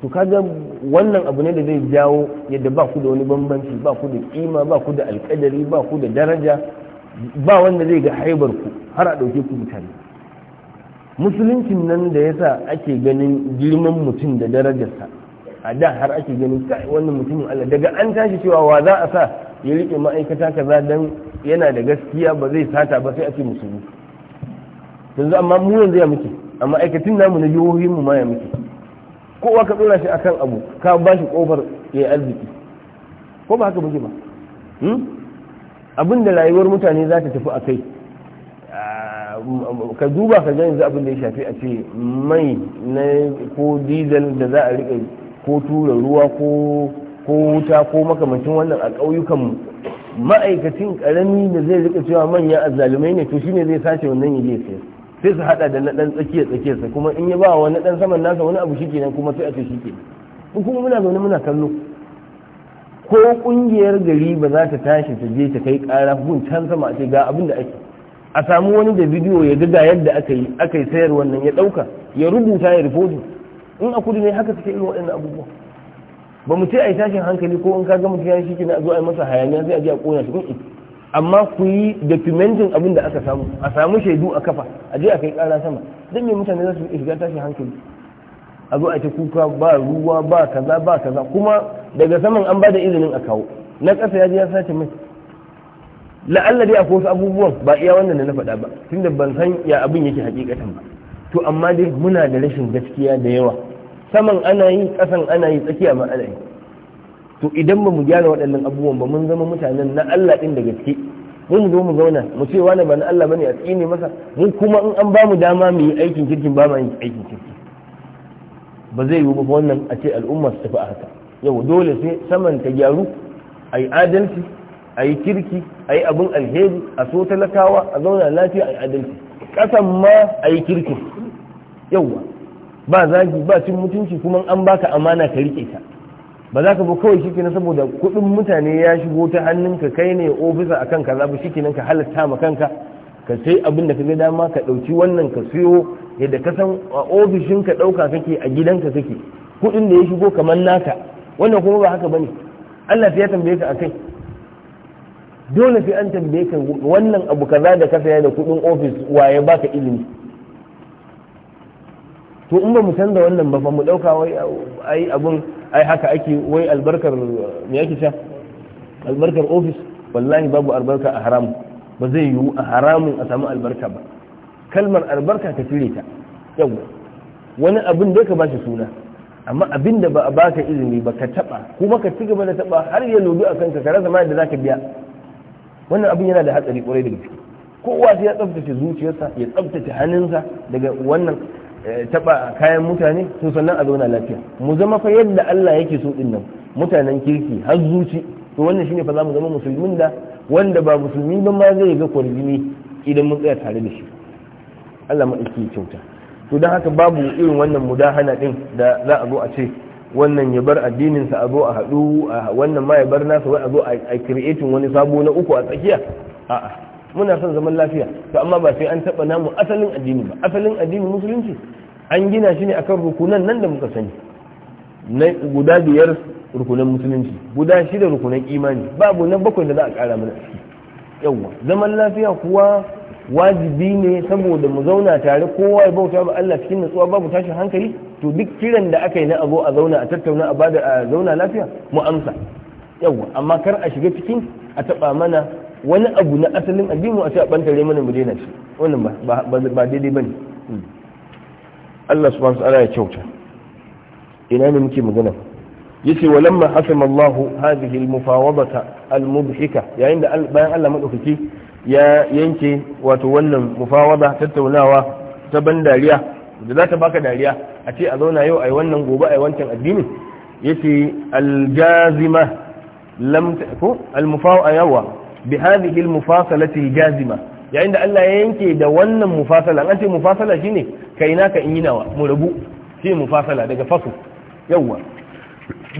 to kaga wannan abu ne da zai jawo yadda ba ku da wani bambanci ba ku da kima ba ku da alkadari ba ku da daraja ba wanda zai ga haibar ku har a ɗauke ku mutane musuluncin nan da yasa ake ganin girman mutum da darajarsa a da har ake ganin kai wannan mutumin Allah daga an tashi cewa wa za a sa ya rike ma'aikata kaza dan yana da gaskiya ba zai sata ba sai a ce musulmi yanzu amma mu yanzu ya muke amma aikatin namu na yohin mu ma ya muke kowa ka tsora shi akan abu ka ba shi kofar ya yi arziki ko ba haka muke ba hmm? abin da rayuwar mutane za ta tafi a kai ah, ka duba ka ga yanzu abin da ya shafi a ce mai na ko dizal da za a rika ko tura ruwa ko ko wuta ko makamancin wannan a ƙauyukan ma'aikacin ƙarami da zai rika cewa manya azzalumai ne to shine zai sace wannan yaje sai sai su hada da na dan tsakiyar sai kuma in ya ba wani dan saman nasa wani abu nan kuma sai a ce shike in kuma muna zaune muna kallo ko kungiyar gari ba za ta tashi ta je ta kai kara gun can sama a ce ga abin da ake a samu wani da bidiyo ya ga yadda aka yi aka yi sayar wannan ya dauka ya rubuta ya rifoto in a kudu ne haka suke irin waɗannan abubuwa ba mu ce a yi tashin hankali ko in ka ga mutum ya shi na zo a masa hayaniya sai a je a kona shi amma ku yi documentin abin da aka samu a samu shaidu a kafa a je a kai ƙara sama don me mutane za su shiga tashin hankali a zo a ce kuka ba ruwa ba kaza ba kaza kuma daga saman an ba da izinin a kawo na ƙasa ya je ya sace mai la'alla dai akwai wasu abubuwan ba iya wannan da na faɗa ba tunda ban san ya abin yake hakikatan ba to amma dai muna da rashin gaskiya da yawa saman ana yi kasan ana yi tsakiya ma ana yi to idan ba mu gyara waɗannan abubuwan ba mun zama mutanen na Allah ɗin da gaske mun zo mu zauna mu ce wani ba na Allah bane a tsine masa mu kuma in an ba mu dama mu yi aikin kirkin ba mu yin aikin kirki ba zai yiwu ba wannan a ce al'umma su tafi a haka yau dole sai saman ta gyaru a yi adalci a yi kirki a yi abin alheri a so talakawa a zauna lafiya a yi adalci kasan ma a yi kirkin yauwa ba zagi ba cin mutunci kuma an baka amana ka rike ta ba za ka bi kawai shi kina saboda kuɗin mutane ya shigo ta hannunka kai ne ofisa a kanka za shi kina ka halatta ma kanka ka sai abin da ka ga dama ka ɗauki wannan ka siyo yadda ka san a ofishin ka ɗauka kake a gidanka kake kuɗin da ya shigo kamar naka wannan kuma ba haka bane Allah sai ya tambaye ka akai dole sai an tambaye ka wannan abu kaza da ka saya da kuɗin ofis waye baka ilimi to in ba mu canza wannan ba fa mu dauka wai ai abun ai haka ake wai albarkar me yake sha albarkar office wallahi babu albarka a haram ba zai yiwu a haramun a samu albarka ba kalmar albarka ka cire ta yawa wani abin da ka bashi suna amma abin da ba a baka izini ba ka taba kuma ka ci gaba da taba har ya lobi a kanka ka rasa ma da zaka biya wannan abin yana da hatsari kwarai da gaske kowa sai ya tsaftace zuciyarsa ya tsaftace hannunsa daga wannan Eh, taba kayan mutane to sannan a zauna lafiya mu zama fa yadda Allah yake so din nan mutanen kirki har zuci to wannan shine fa zamu zama musulmin da wanda ba musulmi ba ma zai ga kwarjini idan mun tsaya tare da shi Allah mu yake kyauta to dan haka babu irin wannan mudahana din da za a zo a ce wannan ya bar addinin sa a zo a hadu wannan ma ya bar nasa wai a zo a creating wani sabo na uku a tsakiya a'a muna son zaman lafiya to amma ba sai an taba namu asalin addini ba asalin addini musulunci an gina shi ne akan rukunan nan da muka sani na guda biyar rukunan musulunci guda shida rukunan imani babu na bakwai da za a ƙara mana ciki yawwa zaman lafiya kuwa wajibi ne saboda mu zauna tare kowa ya bauta ba Allah cikin natsuwa babu tashin hankali to duk kiran da aka yi na abu a zauna a tattauna a bada a zauna lafiya mu amsa yawwa amma kar a shiga cikin a taba mana wani abu na asalin addini a ce a bantare mana mu daina shi wannan ba ba daidai bane hmm. Allah subhanahu wa ta'ala ya kyauta ina ne muke magana yace walamma hasama Allah hadhihi al-mufawadata al-mubhika yayin da bayan Allah madaukaki ya yanke wato wannan mufawada tattaunawa ta ban dariya da za ta baka dariya a ce a zauna yau ai wannan gobe ai wancan addini yace al-jazima lam ko al-mufawa yawa bi hadhihi al-mufasalati jazima yayin da Allah ya yanke da wannan mufasala an ce mufasala shine kai ka in nawa mu rabu shi mufasala daga fasu yawa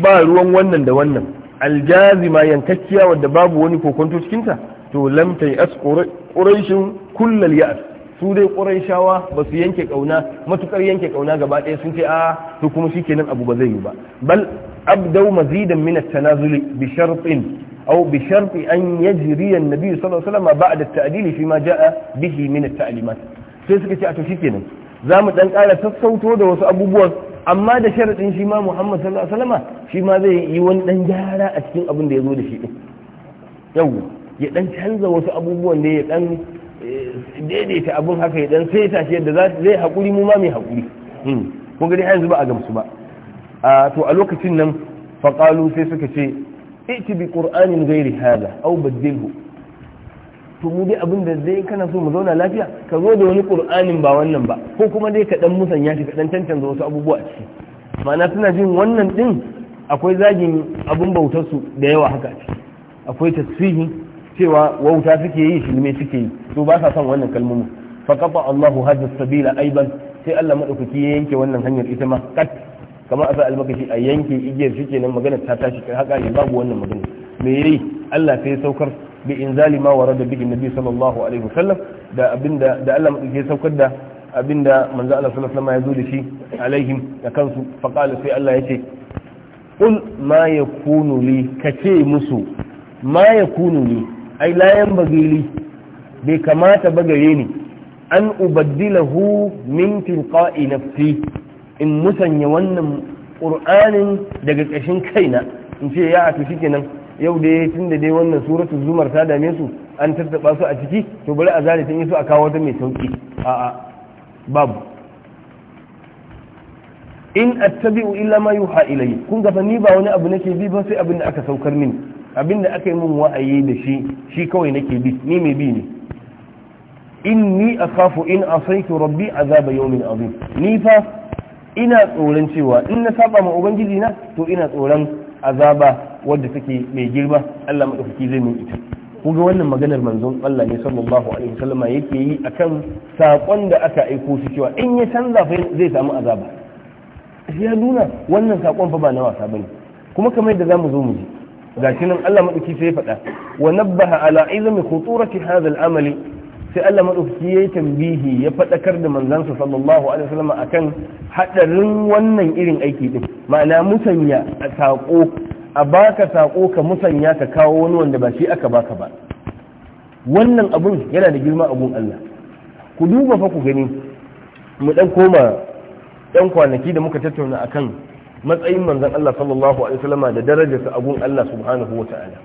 ba ruwan wannan da wannan aljazima yankakkiya wadda babu wani kokonto cikin ta to lam tay as kullal ya'as su dai quraishawa ba su yanke kauna matukar yanke kauna gaba ɗaya sun ce a to kuma shikenan abu ba zai yi ba bal abdau mazidan min at-tanazuli bi أو بشرط أن يجري النبي صلى الله عليه وسلم بعد التعديل فيما جاء به من التعليمات سيسكت أتشكنا زامت أن قال تتصوتوا دوس أبو بوز amma da sharaɗin shi ma muhammad sallallahu alaihi wasallama zai yi wani ɗan gyara a cikin abin ya zo da shi ɗin yau ya ɗan canza wasu abubuwan da ya ɗan daidaita abin haka ya ɗan sai tashi yadda zai haƙuri mu ma mai haƙuri kun gani yanzu ba a gamsu ba to a lokacin nan faƙalu sai suka ce iti bi qur'anin ghairi hada aw badilhu to mu dai abin da zai kana so mu zauna lafiya ka zo da wani qur'anin ba wannan ba ko kuma dai ka dan musanya shi ka dan tantance wasu abubuwa a ciki ma'ana suna jin wannan din akwai zagin abin bautar su da yawa haka akwai tasfihi cewa wauta suke yi shirme suke yi to ba sa son wannan kalmomin fa qata Allahu hadha sabila aiban sai Allah madaukaki ya yanke wannan hanyar ita ma kat kamar a sa almakashi a yanke igiyar shi kenan magana ta tashi kai haka yanzu babu wannan magana me yayi Allah sai saukar bi inzali ma warada bi annabi sallallahu alaihi wasallam da abinda da Allah madauke saukar da abinda manzo Allah sallallahu alaihi wasallam ya zo da shi alaihim da kansu fa faqala sai Allah yace qul ma yakunu li kace musu ma yakunu li ai la yanbaghi li bai kamata ba gare ni an ubaddilahu min tilqa'i nafsi in musanya wannan ƙur'anin daga ƙashin kaina in ce ya a to kenan yau da ya tun da dai wannan suratu zumar ta dame su an tattaba su a ciki to bari a zare sun yi su a kawo wata mai a a babu in attabi'u illa ma yuha ilayya kun ga ni ba wani abu nake bi ba sai abin da aka saukar mini abin da aka yi min wa'ayi da shi shi kawai nake bi ni mai bi ne inni akhafu in asaitu rabbi azaba yawmin azim ni fa ina tsoron cewa in na saba ma ubangiji na to ina tsoron azaba wadda take mai girma Allah madaukaki zai mun ita kuga wannan maganar manzon Allah ne sallallahu alaihi wasallama yake yi akan sakon da aka aiko shi cewa in ya canza fa zai samu azaba ya nuna wannan sakon fa ba na wasa bane kuma kamar yadda zamu zo mu ji gashi nan Allah madaukaki sai ya faɗa wa nabbaha ala izmi khuturati hadha al-amali sai Allah madaukaki yayi tambihi ya faɗakar da manzansa sallallahu alaihi wasallam akan haɗarin wannan irin aiki din ma'ana musanya a saƙo, a baka saƙo ka musanya ka kawo wani wanda ba shi aka baka ba wannan abun yana da girma abun Allah ku duba fa ku gani mu ɗan koma dan kwanaki da muka tattauna akan matsayin manzan Allah sallallahu alaihi wasallam da darajarsa abun Allah subhanahu wataala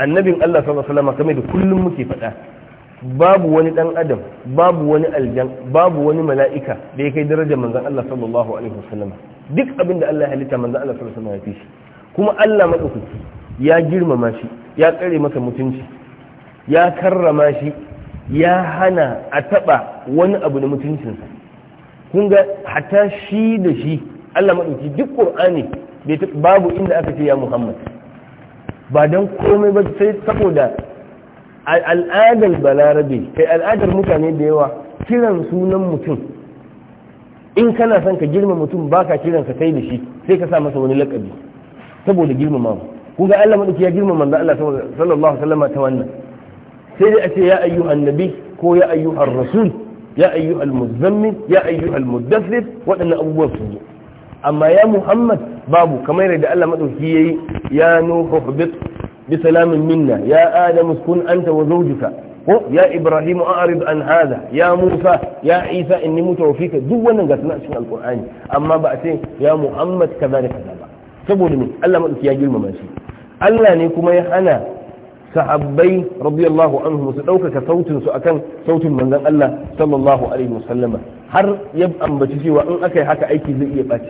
annabin Allah sallallahu alaihi wasallam kamar da kullum muke faɗa babu wani dan adam babu wani aljan babu wani mala'ika da ya kai daraja manzon Allah sallallahu alaihi wasallam duk abin da Allah ya halitta manzon Allah sallallahu alaihi wasallam ya fi kuma Allah madaukaki ya girmama shi ya kare masa mutunci ya karrama shi ya hana a taba wani abu da mutuncinsa kun ga hatta shi da shi Allah madaukaki duk Qur'ani babu inda aka ce ya Muhammad ba dan komai ba sai saboda al'adar balarabe kai al'adar mutane da yawa kiran sunan mutum in kana son ka girma mutum baka kiransa kai da shi sai ka sa masa wani lakabi saboda girmama mu ku ga Allah madauki ya girma manzo Allah sallallahu alaihi wasallam ta wannan sai dai a ce ya ayyuhan annabi ko ya ayyuhan rasul ya ayyuhal muzammil ya ayyuhal muddathir waɗannan abubuwan su amma ya muhammad babu kamar yadda Allah madauki yayi ya nuhu hubit bi salamin minna ya adamu kun anta wa zawjuka ko ya ibrahim a'rid an hadha ya musa ya isa inni mutawfika duk wannan ga sunan cikin alqur'ani amma ba a ce ya muhammad kaza da kaza ba saboda ne Allah ya girmama shi Allah ne kuma ya hana sahabbai radiyallahu anhu su ɗaukaka sautin su akan sautin manzon Allah sallallahu alaihi wasallama har ya ambaci cewa in aka yi haka aiki zai iya ɓaci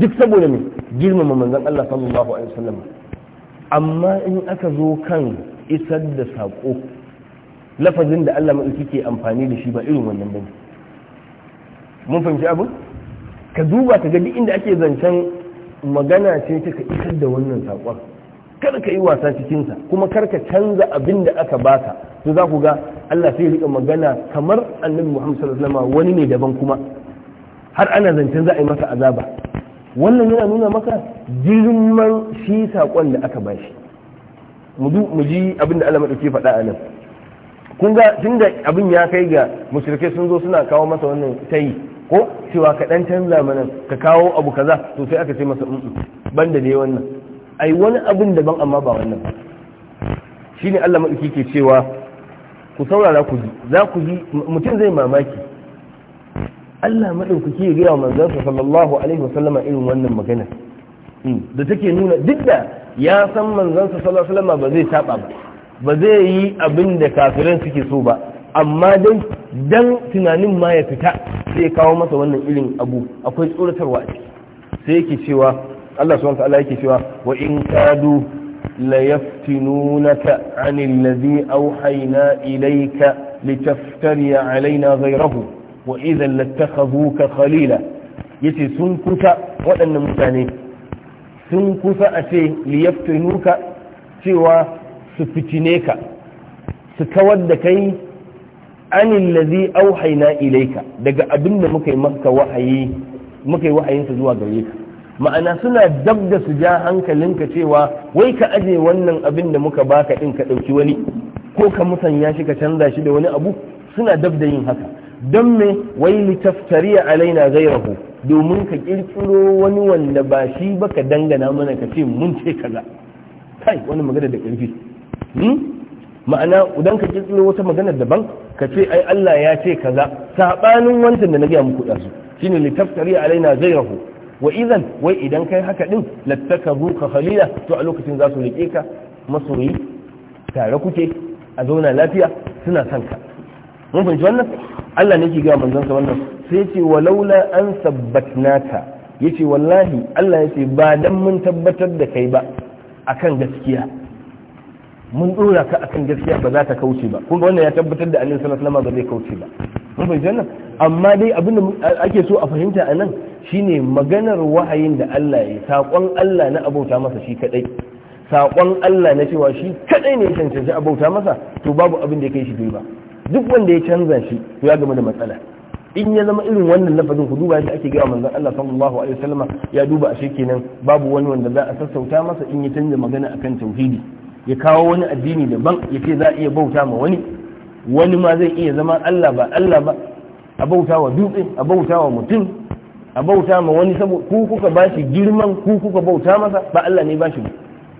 duk saboda me girmama manzon Allah sallallahu alaihi wasallama amma in aka zo kan isar da saƙo lafazin da Allah mai ke amfani da shi ba irin wannan bane mun fahimci abu ka duba ka ga duk inda ake zancen magana ce ta ka isar da wannan saƙon kada ka yi wasa cikinsa kuma kar ka canza abin da aka baka to za ku ga Allah sai rika magana kamar annabi Muhammad sallallahu alaihi wasallam wani ne daban kuma har ana zancen za a yi masa azaba wannan yana nuna maka girman shi sakon da aka bashi mu mu ji abin da Allah madauke faɗa anan. nan kun ga tunda abin ya kai ga mushrikai sun zo suna kawo masa wannan tayi ko cewa ka dan canza mana ka kawo abu kaza to sai aka ce masa banda da wannan ai wani abin daban amma ba wannan shi shine Allah madauki ke cewa ku saurara ku ji za ku ji mutum zai mamaki Allah madaukaki ya gaya manzon sallallahu alaihi wasallama irin wannan magana hmm, da take nuna duk da ya san manzon sallallahu alaihi wasallama ba zai saba ba ba zai yi abin da kafiran suke so ba amma dan dan tunanin ma ya fita sai kawo masa wannan irin abu akwai tsoratarwa a ciki sai yake cewa Allah subhanahu wa ta'ala yake cewa wa in kadu la yaftinunaka an ladhi awhayna ilayka litaftari 'alaina ghayrahu wa idhan lattakhabuka khalila yace sun kusa waɗannan mutane sun kusa a ce cewa su fitine ka su kawar da kai an lazi auhaina ilaika daga abinda da muka yi maka wahayi muka yi wahayin zuwa gare ka ma'ana suna dab da su ja hankalinka cewa wai ka aje wannan abin da muka baka din ka ɗauki wani ko ka musanya shi ka canza shi da wani abu suna dab da yin haka don me wai litaftariya alaina gairahu domin ka kirkiro wani wanda ba shi ba ka dangana mana ka ce mun ce kaza kai wani magana da ƙarfi hmm? ma'ana idan ka kirkiro wata magana daban ka ce ai Allah ya ce kaza sabanin wancan da na gaya muku su shine litaftariya alaina gairahu wa idan wai idan kai haka din lattakabu ka khalila to a lokacin za su rike ka masoyi tare kuke a zauna lafiya suna son ka mun fahimci wannan Allah ne ke ga manzon sa wannan sai ce walaula an sabbatnaka yace wallahi Allah yace ba dan mun tabbatar da kai ba akan gaskiya mun dora ka akan gaskiya ba za ta kauce ba kuma wannan ya tabbatar da annabi sallallahu alaihi wasallam ba zai kauce ba mun fahimci wannan amma dai abin da ake so a fahimta anan. shine maganar wahayin da Allah ya saƙon Allah na abauta masa shi kadai saƙon Allah na cewa shi kadai ne ya cancanci abauta masa to babu abin da ya kai shi ba duk wanda ya canza shi to ya gama da matsala in ya zama irin wannan lafazin ku duba shi ake gaya manzon Allah sallallahu alaihi wasallam ya duba ashe kenan babu wani wanda za a sassauta masa in ya canza magana akan tauhidi ya kawo wani addini daban ya ce za a iya bauta ma wani wani ma zai iya zama Allah ba Allah ba a bauta wa dutse a bauta wa mutum a bauta ma wani saboda ku kuka bashi girman ku kuka bauta masa ba Allah ne bashi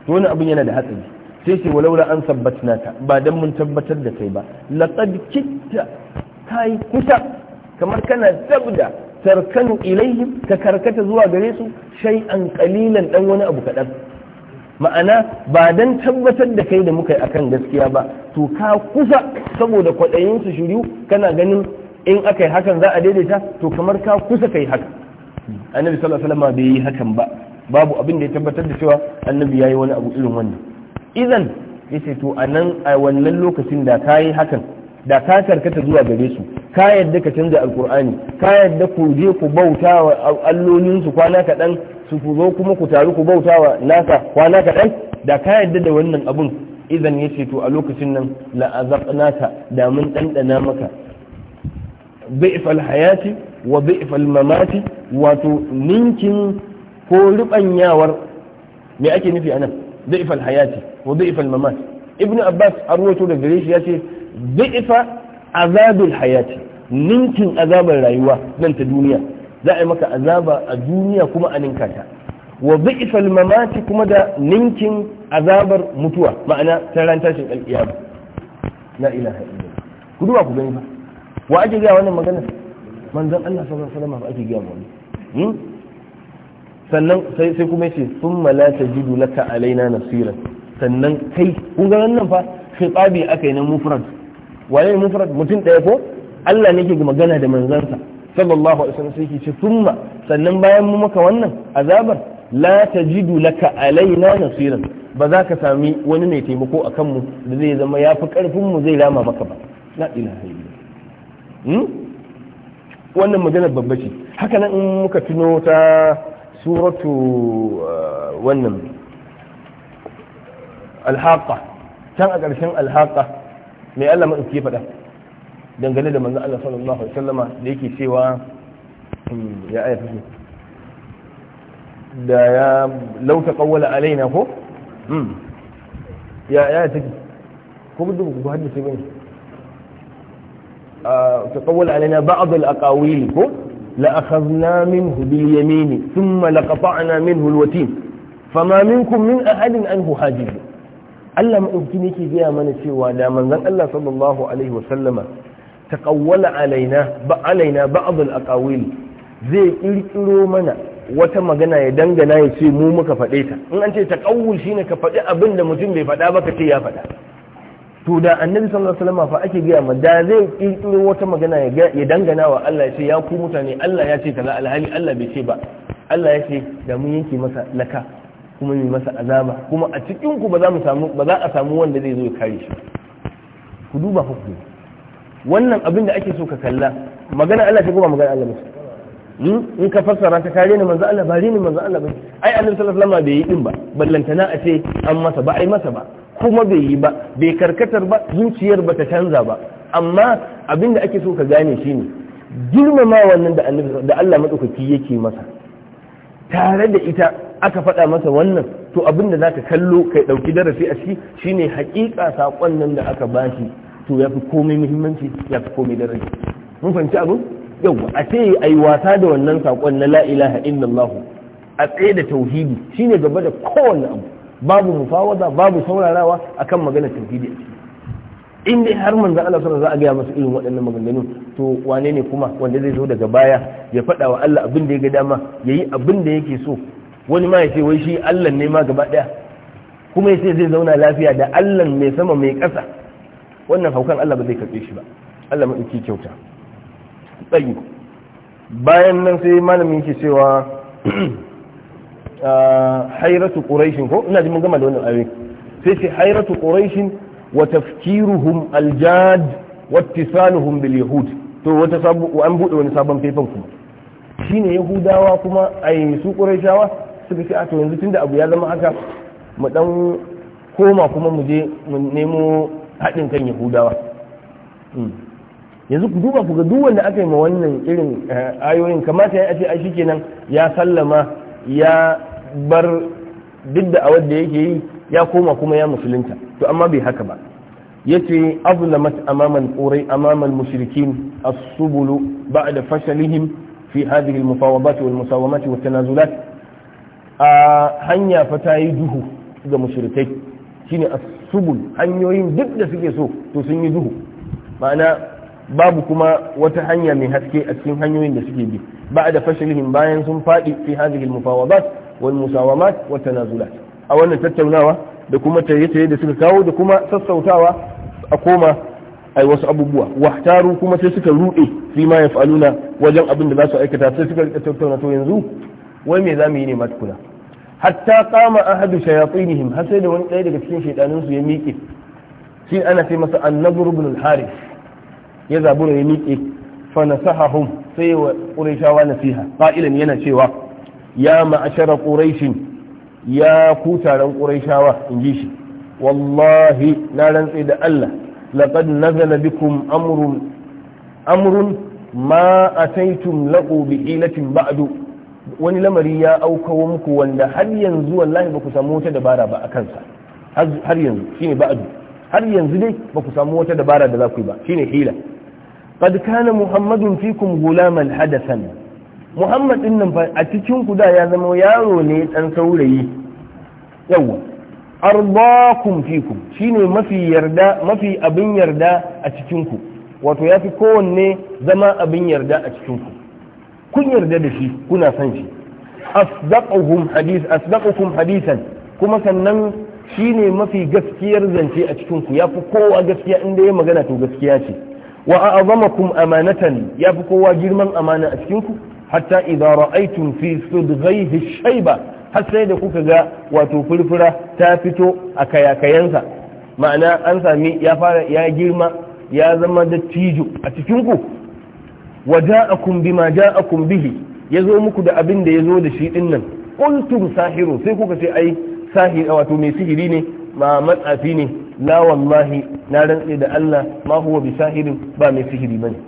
to wani abin yana da hatsari sai ce walaula an sabbatna ka ba dan mun tabbatar da kai ba laqad kitta kai kusa kamar kana tabda tarkanu ilaihim ka karkata zuwa gare su an qalilan dan wani abu kadan ma'ana ba dan tabbatar da kai da muka yi akan gaskiya ba to ka kusa saboda kwaɗayin su shiru kana ganin in aka yi hakan za a daidaita to kamar ka kusa kai haka annabi sallallahu alaihi wasallam bai yi hakan ba babu abin da ya tabbatar da cewa annabi yayi wani abu irin wannan idan yace to anan a wannan lokacin da kayi hakan da ka karkata zuwa gare su ka yadda ka canza alkur'ani ka yadda ku je ku bauta wa allolin su kwana kaɗan su zo kuma ku taru ku bauta wa nasa kwana kaɗan da ka yadda da wannan abun idan ya ce to a lokacin nan la'azab naka da mun ɗanɗana maka bai hayati wa bi'fal mamati wato ninkin ko rubanyawar me ake nufi anan bi'fal hayati wa bi'fal mamat ibn abbas arwato da gare shi yace bi'fa azabul hayati ninkin azabar rayuwa nan ta duniya za a yi maka azaba a duniya kuma a ninka ta wa bi'fal mamati kuma da ninkin azabar mutuwa ma'ana ta ran tashin alkiyama la ilaha illallah ku duba ku gani fa wa ake ga wannan magana manzan Allah sabon salama ba ake gaya wani hmm? sannan sai kuma ce summa la jidu laka alaina siran sannan kai kun ga wannan fa aka yi na mufrad waye mufrad mutum daya ko Allah ne ke magana da manzansa sallallahu alaihi wasallam sai yake ce summa sannan bayan mu maka wannan azabar la tajidu laka alaina nasiran ba za ka sami wani mai taimako a kanmu da zai zama ya fi karfin mu zai rama maka ba la ilaha illallah hmm? wannan maganar babba ce haka nan in muka tuno ta suratu uh, wannan alhaqa can a ƙarshen alhaqa mai Allah maɗauki ke faɗa dangane da manzo Allah sallallahu alaihi wasallama da yake cewa hmm, ya aya da ya lauta taqawwala alaina ko hmm. ya aya tafi ko duk ku haddace bane تطول علينا بعض الأقاويل لأخذنا منه باليمين ثم لقطعنا منه الوتين فما منكم من أحد أنه حاجب Allah maɗaukin yake gaya mana cewa da manzon Allah sallallahu Alaihi wasallama ta ƙawwala alaina ba'adul aqawil zai ƙirƙiro mana wata magana ya dangana ya ce mu muka faɗeta ta in an ce ta ƙawul shi ka faɗi abin da mutum bai faɗa ba ka ya faɗa to da annabi sallallahu alaihi wasallam fa ake gaya ma da zai kirkiro wata magana ya dangana wa Allah ya ce ya ku mutane Allah ya ce kaza alhali Allah bai ce ba Allah ya ce da mun yanke masa laka kuma mai masa azaba kuma a cikin ku ba za mu samu ba za a samu wanda zai zo ya kare shi ku duba fa ku wannan abin da ake so ka kalla magana Allah ce kuma magana Allah ba hmm? in ka fassara ta kare ni manzo Allah ba ni manzo Allah ba ai annabi sallallahu alaihi wasallam bai yi din ba ballantana a ce an masa ba ai masa ba kuma bai yi ba bai karkatar ba zuciyar ba ta canza ba amma abinda ake so ka gane shine girmama wannan da da Allah madaukaki yake masa tare da ita aka faɗa masa wannan to abinda ka kallo ka dauki darasi a shi shine haƙiƙa sakon nan da aka bashi to ya fi komai muhimmanci yafi komai darasi mun fahimci abin yau a ce a yi wasa da wannan sakon na la ilaha illallah a tsaye da tauhidi shine gaba da kowane abu babu mufawada babu saurarawa akan magana tauhidi in dai har manzo Allah sallallahu za a ga masa irin waɗannan maganganu to wane ne kuma wanda zai zo daga baya ya faɗa wa Allah abin da ya ga dama yayi abin da yake so wani ma ya ce wai shi Allah ne ma gaba daya kuma ya zai zauna lafiya da Allah mai sama mai ƙasa wannan haukan Allah ba zai karbe shi ba Allah maɗauki kyauta tsayi bayan nan sai malamin ke cewa hairatu quraishin ko ina ji mun gama da wannan ayoyi sai ce hairatu quraishin wa tafkiruhum aljad wa ittisaluhum bil yahud to wata sabu an bude wani sabon faifan kuma shine yahudawa kuma ai su quraishawa suka ce a to yanzu tunda abu ya zama haka mu dan koma kuma mu je mu nemo haɗin kan yahudawa hmm. yanzu ku duba ku ga duk wanda aka yi ma wannan irin eh, ayoyin kamata ya ce ai shikenan ya sallama ya bar duk da awar da yake yi ya koma kuma ya musulunta to amma bai haka ba yace azlamat amaman qurai amaman mushrikin as-subul ba'da fashalihim fi hadhihi al-mufawadat wal musawamat wat tanazulat a hanya fa ta yi duhu ga mushrikai shine as-subul hanyoyin duk da suke so to sun yi duhu ma'ana babu kuma wata hanya mai haske a cikin hanyoyin da suke bi ba'da fashalihim bayan sun faɗi, fi hadhihi al-mufawadat wal musawamat wa tanazulat a wannan tattaunawa da kuma tayyataye da suka kawo da kuma sassautawa a koma ai wasu abubuwa wahtaru kuma sai suka rude fi ma yaf'aluna wajen abin da za su aikata sai suka rika tattauna to yanzu wai me zamu yi ne matkula hatta qama ahadu shayatinihim har sai da wani ɗaya daga cikin shaydanin su ya miƙe shi ana sai masa annabur ibn al-harith ya zabura ya miƙe fa nasahahum sai wa qurayshawa nasiha qailan yana cewa ya ma'ashara quraishin ya ku taron in ji shi wallahi na rantse da Allah laqad nazala bikum amrun amrun ma ataitum lahu bi ilatin ba'du wani lamari ya aukawo muku wanda har yanzu wallahi ba ku samu wata dabara ba a kansa har yanzu shine ba'du har yanzu dai ba ku samu wata dabara da za ku yi ba shine hila qad kana muhammadun fikum gulaman hadasan muhammad din nan a cikin ku da ya zama yaro ne dan saurayi yawa ardakum fikum shine mafi yarda mafi abin yarda a cikin ku wato yafi kowanne zama abin yarda a cikin kun yarda da shi kuna san shi asdaquhum hadith hadithan kuma sannan shine mafi gaskiyar zance a cikin ya yafi kowa gaskiya inda ya magana to gaskiya ce wa a'zamakum amanatan yafi kowa girman amana a cikinku? hatta idza ra'aytum fi sudghayhi shayba har sai da kuka ga wato furfura ta fito a kayakayansa ma'ana an sami ya fara ya girma ya zama dattijo a cikin ku wa ja'akum bima ja'akum bihi yazo muku da abin da yazo da shi dinnan qultum sahiru sai kuka ce ai sahir wato mai sihiri ne ma matsafi ne la wallahi na rantse da Allah ma huwa bi sahirin ba mai sihiri bane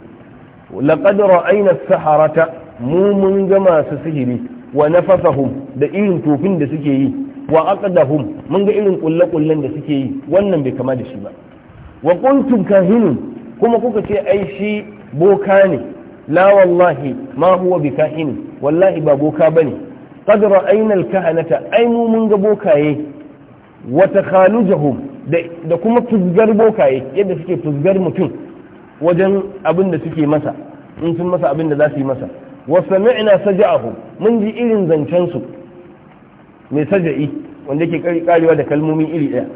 laqad ra'ayna as-saharata mu mun ga masu sihiri wa nafasahum da irin tofin da suke yi wa aqdahum mun ga irin kullakullan da suke yi wannan bai kama da shi ba wa kuntum kahinun kuma kuka ce ai shi boka ne la wallahi ma huwa bikahin wallahi ba boka bane qad ra'ayna kahanata ai mu mun ga bokaye wa takhalujahum da kuma tuzgar bokaye yadda suke tuzgar mutum wajen abin da suke masa in sun masa abin da za su yi masa wa sami'na saja'ahu mun ji irin zancen su mai saja'i wanda ke karewa da kalmomi iri ɗaya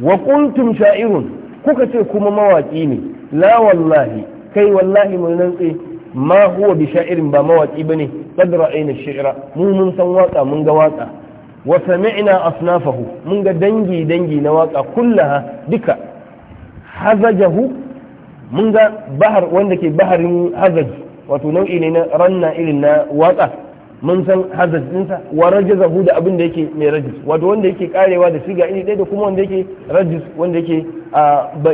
wa qultum sha'irun kuka ce kuma mawaki ne la wallahi kai wallahi mun rantsi ma huwa bi sha'irin ba ne bane qad ra'ayna ash-shi'ra mu mun san waka mun ga waka wa sami'na asnafahu mun ga dangi dangi na waka kullaha duka hazajahu mun ga bahar wanda ke baharin hazaji. wato nau'i ne na ranna irin na watsa mun san hazard dinsa wa rajazahu da abin da yake mai rajis wato wanda yake karewa da shiga iri ɗaya da kuma wanda yake rajis wanda yake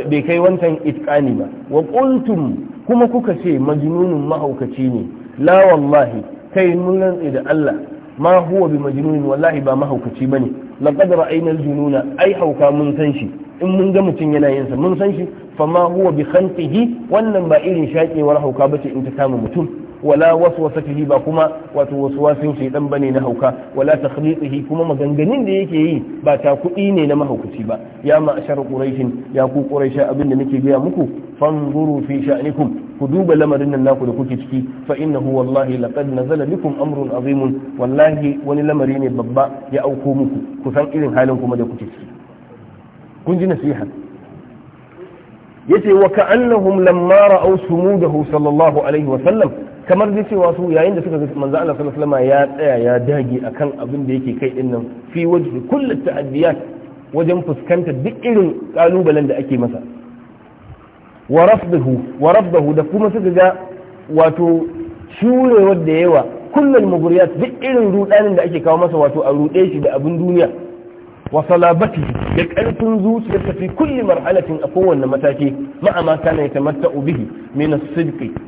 bai kai wancan itqani ba wa qultum kuma kuka ce majnunun mahaukaci ne la wallahi kai mun rantsi da Allah ma huwa bi majnunin wallahi ba mahaukaci bane laqad ra'ayna al-jununa ai hauka mun san shi in mun ga mutum yana yin sa mun san shi fa ma huwa bi khanqihi wannan ba irin shaƙewar hauka bace in ta kama mutum wala waswasatihi ba kuma wato waswasin shaydan bane na hauka wala takhliqihi kuma maganganun da yake yi ba ta kuɗi ne na mahaukaci ba ya ma'ashar quraish ya ku quraish abin da nake gaya muku fanzuru fi sha'nikum ku duba lamarin nan naku da kuke ciki fa innahu wallahi laqad nazala bikum amrun azim wallahi wani lamari ne babba ya auko muku kusan irin halin kuma da kuke ciki kun ji nasiha yace wa ka'annahum lamma ra'aw sumudahu sallallahu alaihi wa sallam kamar zai cewa su yayin da suka ga manzo Allah sallallahu alaihi ya tsaya ya dage a kan abin da yake kai din nan fi wajhi kullu wajen fuskantar duk irin kalubalen da ake masa wa rafdahu wa da kuma suka ga wato shurewar da yawa kullum muguriyat duk irin rudanin da ake kawo masa wato a rude shi da abin duniya wa salabati da karfin zuciyarsa fi kulli marhalatin a kowanne mataki ma'a ma kana yatamatta'u bihi min as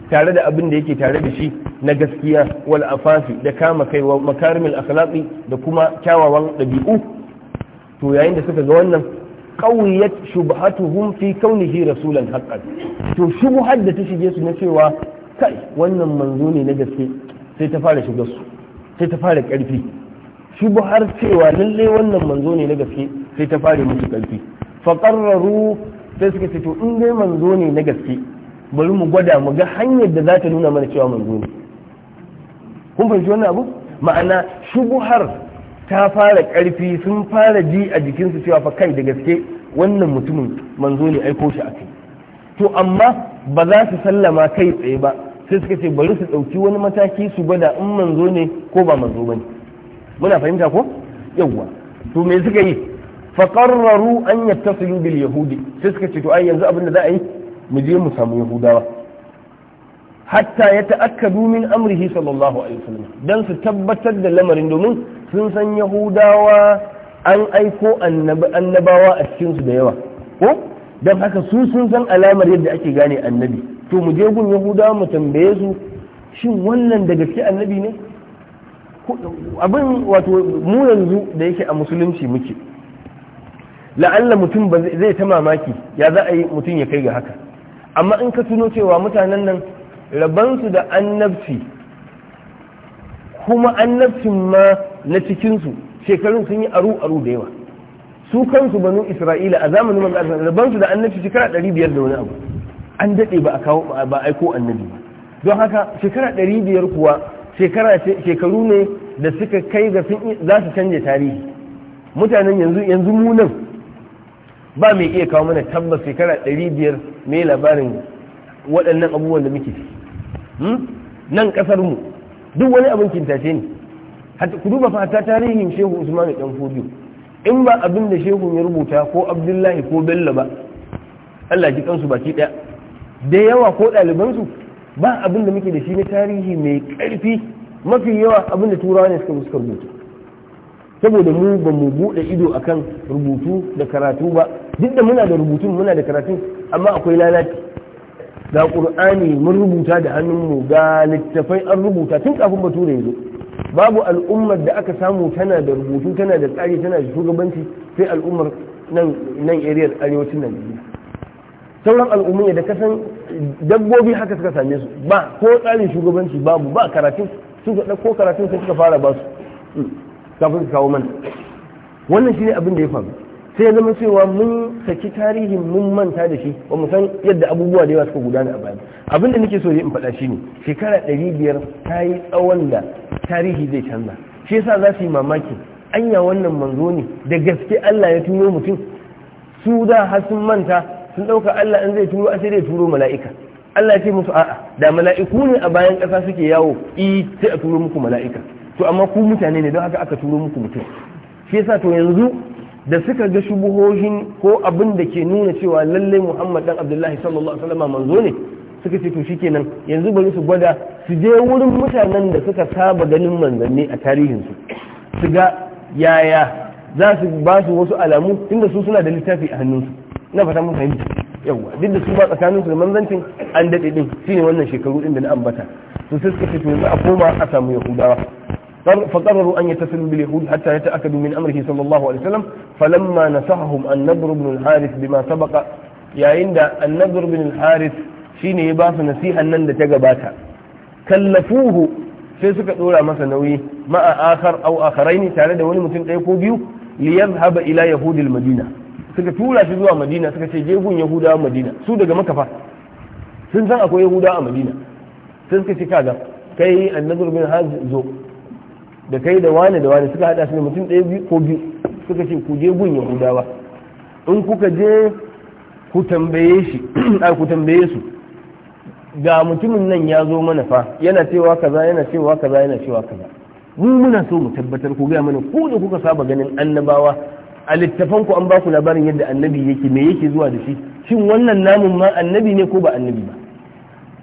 tare da abin da yake tare da shi na gaskiya wal afafi da kama kai wa makarimil akhlaqi da kuma kyawawan ɗabi'u? to yayin da suka ga wannan qawiyat shubhatuhum fi kaunihi rasulan haqqan to shubhar da ta shige su na cewa kai wannan manzo ne na gaske sai ta fara shigar sai ta fara karfi shi har cewa lallai wannan manzo ne na gaske sai ta fare musu karfi fa qarraru sai suka ce to in dai manzo ne na gaske bari mu gwada mu ga hanyar da za ta nuna mana cewa manzo ne kun fahimci wannan abu ma'ana shubuhar ta fara karfi sun fara ji a jikinsu cewa fa kai da gaske wannan mutumin manzo ne aiko shi a kai to amma ba za su sallama kai tsaye ba sai suka ce bari su ɗauki wani mataki su gwada in manzo ne ko ba manzo ba ne muna fahimta ko yawwa to me suka yi fa qarraru an yattasilu bil yahudi sai suka ce to ai yanzu abin da za a yi mu je mu samu yahudawa hatta ya ta'akkadu min amrihi sallallahu alaihi wasallam dan su tabbatar da lamarin domin sun san yahudawa an aiko annabawa a cikin su da yawa ko dan haka su sun san alamar yadda ake gane annabi to mu je gun yahudawa mu tambaye su shin wannan daga cikin annabi ne abin wato mu yanzu da yake a musulunci muke la'alla mutum ba zai ta mamaki ya za a yi mutum ya kai ga haka amma in ka tuno cewa mutanen nan rabansu da annabci kuma annabcin ma na cikinsu shekarun sun yi aru-aru da yawa su kansu banu isra'ila a zamanin manzo Allah rabansu da annabci shekara biyar da wani abu an daɗe ba a kawo ba aiko annabi ba don haka shekara biyar kuwa shekaru ne da suka kai ga za su canje tarihi mutanen yanzu yanzu munan ba mai iya kawo mana tabbas shekara ɗari biyar mai labarin waɗannan abubuwan da muke hmm? nan ƙasar mu duk wani abin kintace ne ku duba fata tarihin shehu usman dan fodiyo in ba abin da shehu ya rubuta ko abdullahi ko bello ba Allah ji kansu baki ɗaya da yawa ko ɗalibansu ba abin da muke da shi na tarihi mai karfi mafi yawa abin da turawa ne suka suka rubuta saboda mu ba mu bude ido akan rubutu da karatu ba duk da muna da rubutun muna da karatu amma akwai lalaci ga qur'ani mun rubuta da hannunmu ga littafai an rubuta tun kafin bature ya zo babu al'ummar da aka samu tana da rubutu tana da tsari tana da shugabanci sai al'ummar nan nan arewacin nan sauran al'ummai da kasan dabbobi haka suka same su ba ko tsarin shugabanci babu ba karatun suka ɗauko karatun sai suka fara ba su hmm. kafin su kawo mana wannan shi ne abin da ya faru sai zama cewa mun saki tarihin mun manta da shi ba mu san yadda abubuwa da yawa suka gudana a baya abin da nake so in faɗa shi ne shekara ɗari biyar ta yi tsawon da tarihi zai canza shi yasa za su yi mamaki anya wannan manzo ne da gaske Allah ya tuno mutum su da har sun manta sun ɗauka Allah in zai turo sai dai turo mala'ika Allah ce musu a'a da mala'iku ne a bayan ƙasa suke yawo i sai a turo muku mala'ika to amma ku mutane ne don haka aka turo muku mutum shi yasa to yanzu da suka ga shubuhohin ko abin da ke nuna cewa lallai Muhammad dan Abdullahi sallallahu alaihi wasallam manzo ne suka ce to shikenan yanzu bari su gwada su je wurin mutanen da suka saba ganin manzanni a tarihinsu su ga yaya za su ba su wasu alamu inda su suna da littafi a hannunsu na fata mun fahimta yawa duk da su ba tsakanin su da manzancin an daɗe shine wannan shekaru ɗin da na ambata to sai suka ce a koma a samu yahudawa فقرروا أن يتصلوا باليهود حتى يتأكدوا من أمره صلى الله عليه وسلم فلما نصحهم النضر بن الحارث بما سبق يا عند النضر بن الحارث شين يباس نسيحا نند تقباتا كلفوه sai suka dora masa nauyi ma'a akhar aw akharain tare da wani mutum ɗaya ko biyu li yadhhaba ila yahudil madina suka tura shi zuwa madina suka ce je yahuda yahudawa madina su daga makafa sun san akwai yahudawa a madina sun suka ce kaga kai annabur bin haz zo da kai da wani da wani suka hada su ne mutum ɗaya biyu ko biyu suka ce ku je gun yahudawa in kuka je ku tambaye shi a ku tambaye su ga mutumin nan ya zo mana fa yana cewa kaza yana cewa kaza yana cewa kaza mu muna so mu tabbatar ku ga mana ku da kuka saba ganin annabawa a littafan ku an ba ku labarin yadda annabi yake me yake zuwa da shi shin wannan namun ma annabi ne ko ba annabi ba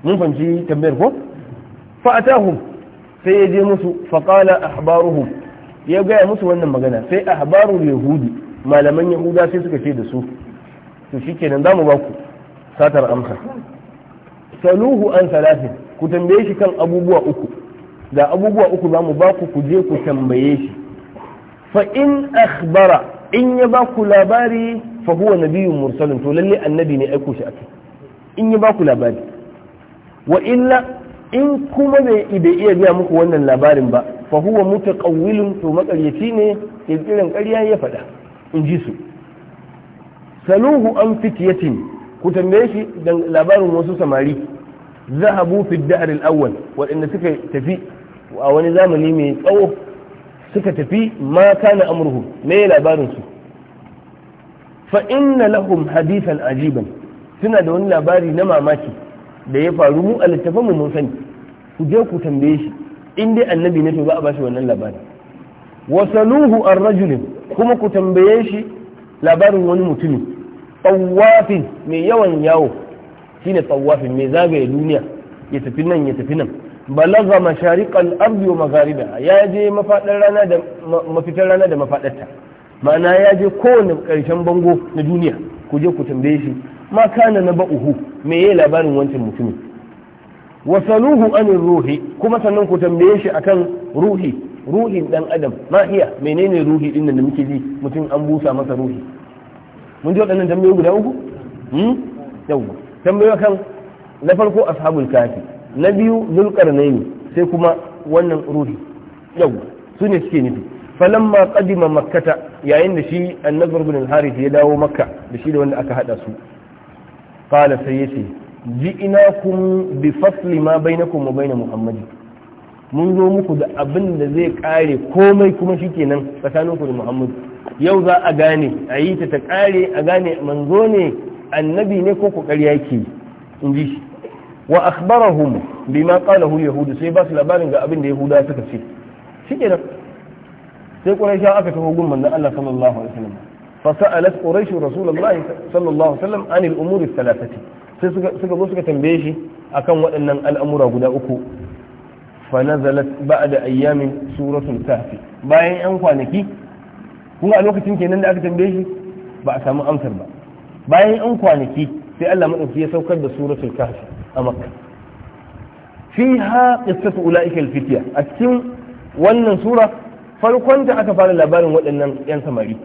mun fahimci tambayar ko fa atahum sai ya musu fa qala ahbaruhum ya gaya musu wannan magana sai ahbaru yahudi malaman yahuda sai suka ce da su to shikenan zamu ba ku satar amsa saluhu an salatin ku tambaye shi kan abubuwa uku da abubuwa uku zamu ba ku ku je ku tambaye shi fa in akhbara in ya ba ku labari fa huwa nabiyyun mursalun to lalle annabi ne aiko shi akai in ya ba ku labari wa illa in kuma bai iya biya muku wannan labarin ba fa huwa mutaqawwilun to makaryaci ne kirkiran ƙarya ya faɗa in ji su saluhu an fityatin ku tambaye shi dan labarin wasu samari zahabu fi da'ar al-awwal waɗanda suka tafi a wani zamani mai tsawo suka tafi mata na amurhu me labarin su fa inna lahum hadithan ajiban suna da wani labari na mamaki da ya faru mu a littafin mu mun sani ku je ku tambaye shi in dai annabi ne to ba a bashi wannan labari wasaluhu an rajulin kuma ku tambaye shi labarin wani mutumin. tsawafin mai yawan yawo shine tsawafin mai zagaye duniya ya tafi nan ya tafi nan Balaga mashariqal ardi wa magharibiha ya je mafadar rana da mafitar rana da mafadarta ma'ana ya je kowane karshen bango na duniya ku je ku tambaye shi ma kana na ba'uhu me yayi labarin wancan mutumin wasaluhu anin ruhi kuma sannan ku tambaye shi akan ruhi ruhin dan adam ma iya menene ruhi din da muke ji mutum an busa masa ruhi mun ji waɗannan tambayoyi guda uku hmm yawa tambayoyi kan na farko ashabul kafi na biyu zulkar zulqarnaini sai kuma wannan ruhi yau su ne suke nufi falamma qadima makkata yayin da shi annabi ibn al-harith ya dawo makka da shi da wanda aka hada su qala sai yace kun bi fasli ma bainakum wa bain muhammad mun zo muku da abin da zai kare komai kuma shikenan tsakaninku da muhammad yau za a gane a yi ta ta kare a gane manzo ne annabi ne ko ku ƙarya ke in ji shi wa akhbarahum bima qalahu yahud sai ba su labarin ga abin da yahuda suka ce shikenan sai quraisha aka taho gun manzon Allah sallallahu alaihi wasallam fa sa'alat quraish rasulullahi sallallahu alaihi wasallam an al-umuri thalathati sai suka suka zo suka tambaye shi akan waɗannan al'amura guda uku fa nazalat ba'da ayyamin suratul kahfi bayan yan kwanaki kuma a lokacin kenan da aka tambaye shi ba a samu amsar ba bayan yan kwanaki sai Allah madauki ya saukar da suratul kahfi a makka fiha qissatu ulaika alfitiya a cikin wannan sura farkon da aka fara labarin waɗannan yan samari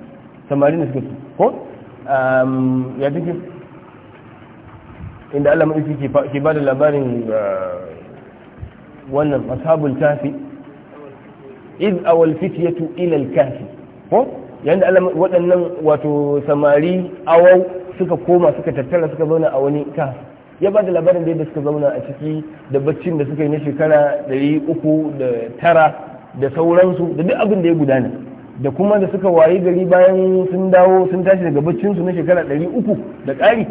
samari ne suka ce ko ya take inda Allah mai ke ba da labarin ah, wannan ashabul kafi iz awal fityatu ila al-kahfi ko yanda Allah waɗannan wato samari awau suka koma suka tattara suka zauna a wani kahfi ya ba da labarin da yadda suka zauna a ciki da baccin da suka yi na shekara ɗari uku da tara da sauransu da duk abin da ya gudana da kuma da suka wayi gari bayan sun dawo sun tashi daga baccinsu na shekara ɗari uku da ƙari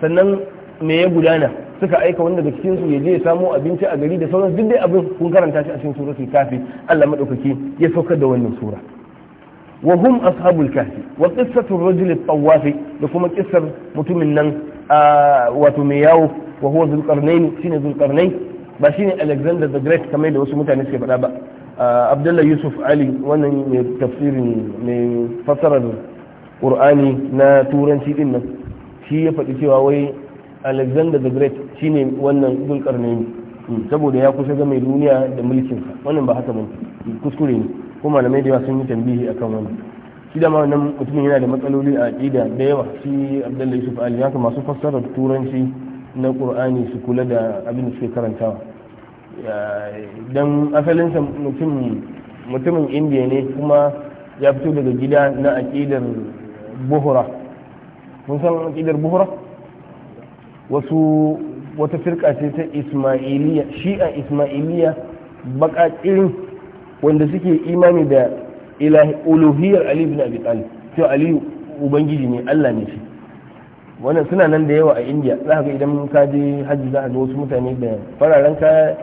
sannan me ya gudana suka aika wanda daga cikin su je ya samo abinci a gari da sauran duk dai abin kun karanta shi a cikin suratul kafi Allah madaukaki ya saukar da wannan sura wa hum ashabul kafi wa qissatu ar-rajul at-tawwafi da kuma kissar mutumin nan wato mai yawo wa huwa zulqarnain shine zulqarnain ba shine Alexander the Great kamar da wasu mutane suke faɗa ba abdullahi Yusuf Ali wannan mai tafsirin mai fassarar Qur'ani na turanci din nan shi ya faɗi cewa wai Alexander the Great shine wannan zulqarnain saboda ya kusa ga mai duniya da mulkinsa wannan ba haka ba kuskure ne kuma malamai da yawa sun yi tambihi akan wannan shi da nan mutumin yana da matsaloli a aƙida da yawa shi abdullahi yusuf ali haka masu fassarar turanci na qur'ani su kula da abin da suke karantawa dan asalinsa mutum mutumin indiya ne kuma ya fito daga gida na aƙidar buhura mun san aƙidar buhura wasu wata firka ce ta ismailiya a ismailiya baƙaƙirin wanda suke imani da uluhiyar ali ibn abi talib cewa ali ubangiji ne Allah ne shi wannan suna nan da yawa a indiya za ga idan ka je hajji za ga wasu mutane da fararen kaya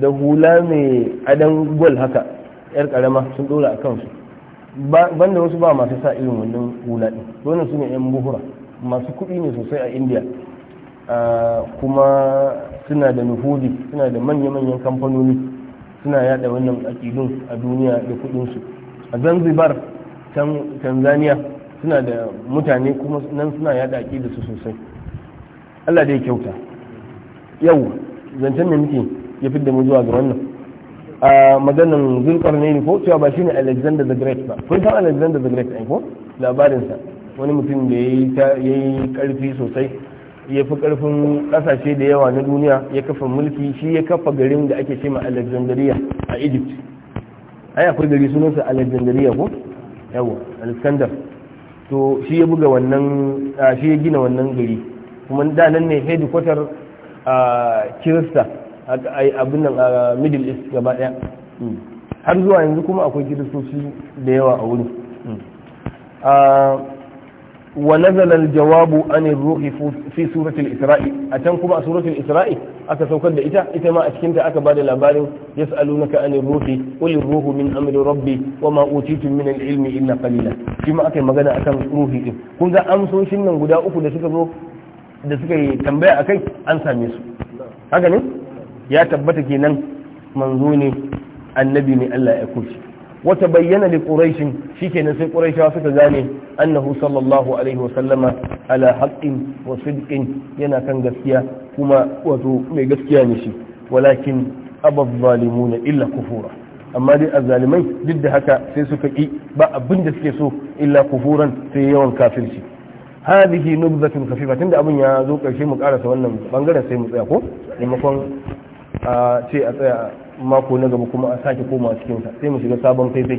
da hula mai adan gwal haka yar karama sun dora a kansu banda wasu ba masu sa irin wannan hula din wannan su ne yan buhura masu kuɗi ne sosai a indiya ah, kuma suna da nufudi suna da manya-manyan kamfanoni suna yada wannan akidun a duniya da kuɗinsu a zanzibar tanzania suna da mutane kuma nan suna yada da su sosai allah da ya kyauta yau zancen da muke ya fi da mu zuwa ga wannan a maganin ne ko cewa ba shine alexander the great ba kun san alexander the great ko labarinsa wani mutum da ya yi karfi sosai ya fi karfin kasashe da yawa na duniya ya kafa mulki shi ya kafa garin da ake cema ma alexandria a egypt ai akwai gari sunansa alexandria ko yawa alexander to shi ya buga wannan shi ya gina wannan gari kuma da nan ne headquarter a kirista abin nan a middle east gaba daya hmm. har zuwa yanzu kuma akwai kiristoci da yawa a wurin hmm. wa nazala aljawabu an ruhi fi suratul isra'i a can kuma a suratul isra'i aka saukar da ita ita ma a cikin ta aka da labarin yas'alunaka anir ruhi qul ruhu min amri rabbi wa ma utitum min al-ilmi illa qalila shi ma aka yi magana akan ruhi din kun ga amsoshin nan guda uku da suka yi tambaya akai an same su haka ne ya tabbata kenan manzo ne annabi ne Allah ya aiko shi wata bayyana li quraishin shikenan sai quraishawa suka gane annahu sallallahu alaihi wa sallama ala haqqin wa sidqin yana kan gaskiya kuma wato mai gaskiya ne shi walakin abad zalimuna illa kufura amma dai azzalimai duk da haka sai suka ƙi ba abin da suke so illa kufuran sai yawan kafirci hadhihi nubzatun tun da abin ya zo karshe mu karasa wannan bangaren sai mu tsaya ko maimakon a ce a tsaya mako na gaba kuma a sake koma cikin sa sai mu shiga sabon faifai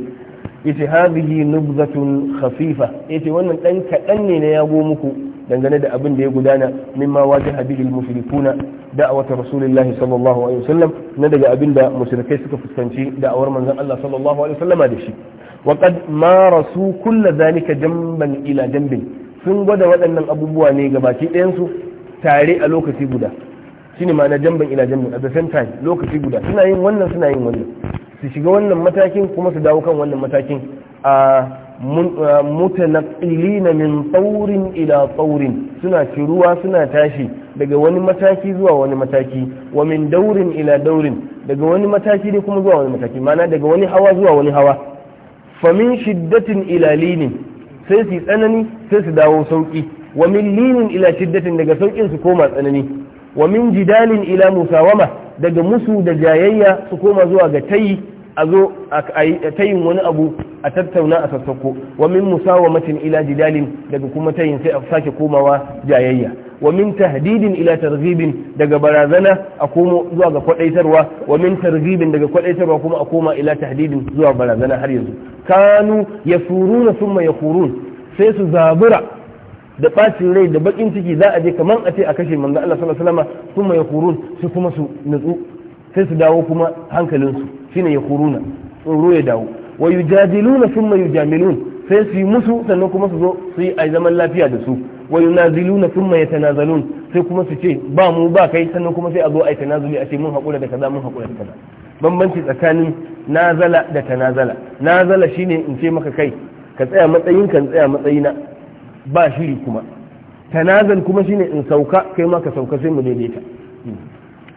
yace hadhihi nubzatun khafifa yace wannan dan kadan ne na yago muku dangane da abin da ya gudana mimma wajin habilul mushrikuna da'awata rasulullahi sallallahu alaihi wasallam na daga abin da mushrikai suka fuskanci da'awar manzon Allah sallallahu alaihi wasallama da shi wa qad marasu kulla zalika jamban ila jambin sun gwada waɗannan abubuwa ne gabaki ɗayan tare a lokaci guda shine ma na jamban ila jamban at the same time lokaci guda suna yin wannan suna yin wannan su shiga wannan matakin kuma su dawo kan wannan matakin a na min tsaurin ila tsaurin suna ciruwa suna tashi daga wani mataki zuwa wani mataki wa min daurin ila daurin daga wani mataki ne kuma zuwa wani mataki mana daga wani hawa zuwa wani hawa fa min shiddatin ila linin sai su tsanani sai su dawo sauki wa min linin ila shiddatin daga saukin su koma tsanani wa min jidalin ila musawama daga musu da jayayya su koma zuwa ga tayi a zo a tayin wani abu a tattauna a sassako. wa min musawamatin ila jidalin daga kuma tayin sai a sake komawa jayayya wa min tahdidin ila targhibin daga barazana a komo zuwa ga kwadaitarwa wa min targhibin daga kwadaitarwa kuma a koma ila tahdidin zuwa barazana har yanzu kanu yasuruna thumma yakurun sai su zabura da ɓacin rai da bakin ciki za a je kamar a ce a kashe manzo Allah sallallahu alaihi wasallam kuma ya kurun su kuma su nutsu sai su dawo kuma hankalinsu shine ya kuruna tsoro ya dawo wa yujadiluna thumma yujamilun sai su yi musu sannan kuma su zo su yi ai zaman lafiya da su wa yunaziluna thumma yatanazalun sai kuma su ce ba mu ba kai sannan kuma sai a zo ai tanazuli a ce mun hakura da kaza mun hakura da kaza bambanci tsakanin nazala da tanazala nazala shine in ce maka kai ka tsaya matsayin kan tsaya matsayina ba shiri kuma tanazal kuma shine in sauka kai ma ka sauka sai mu daidaita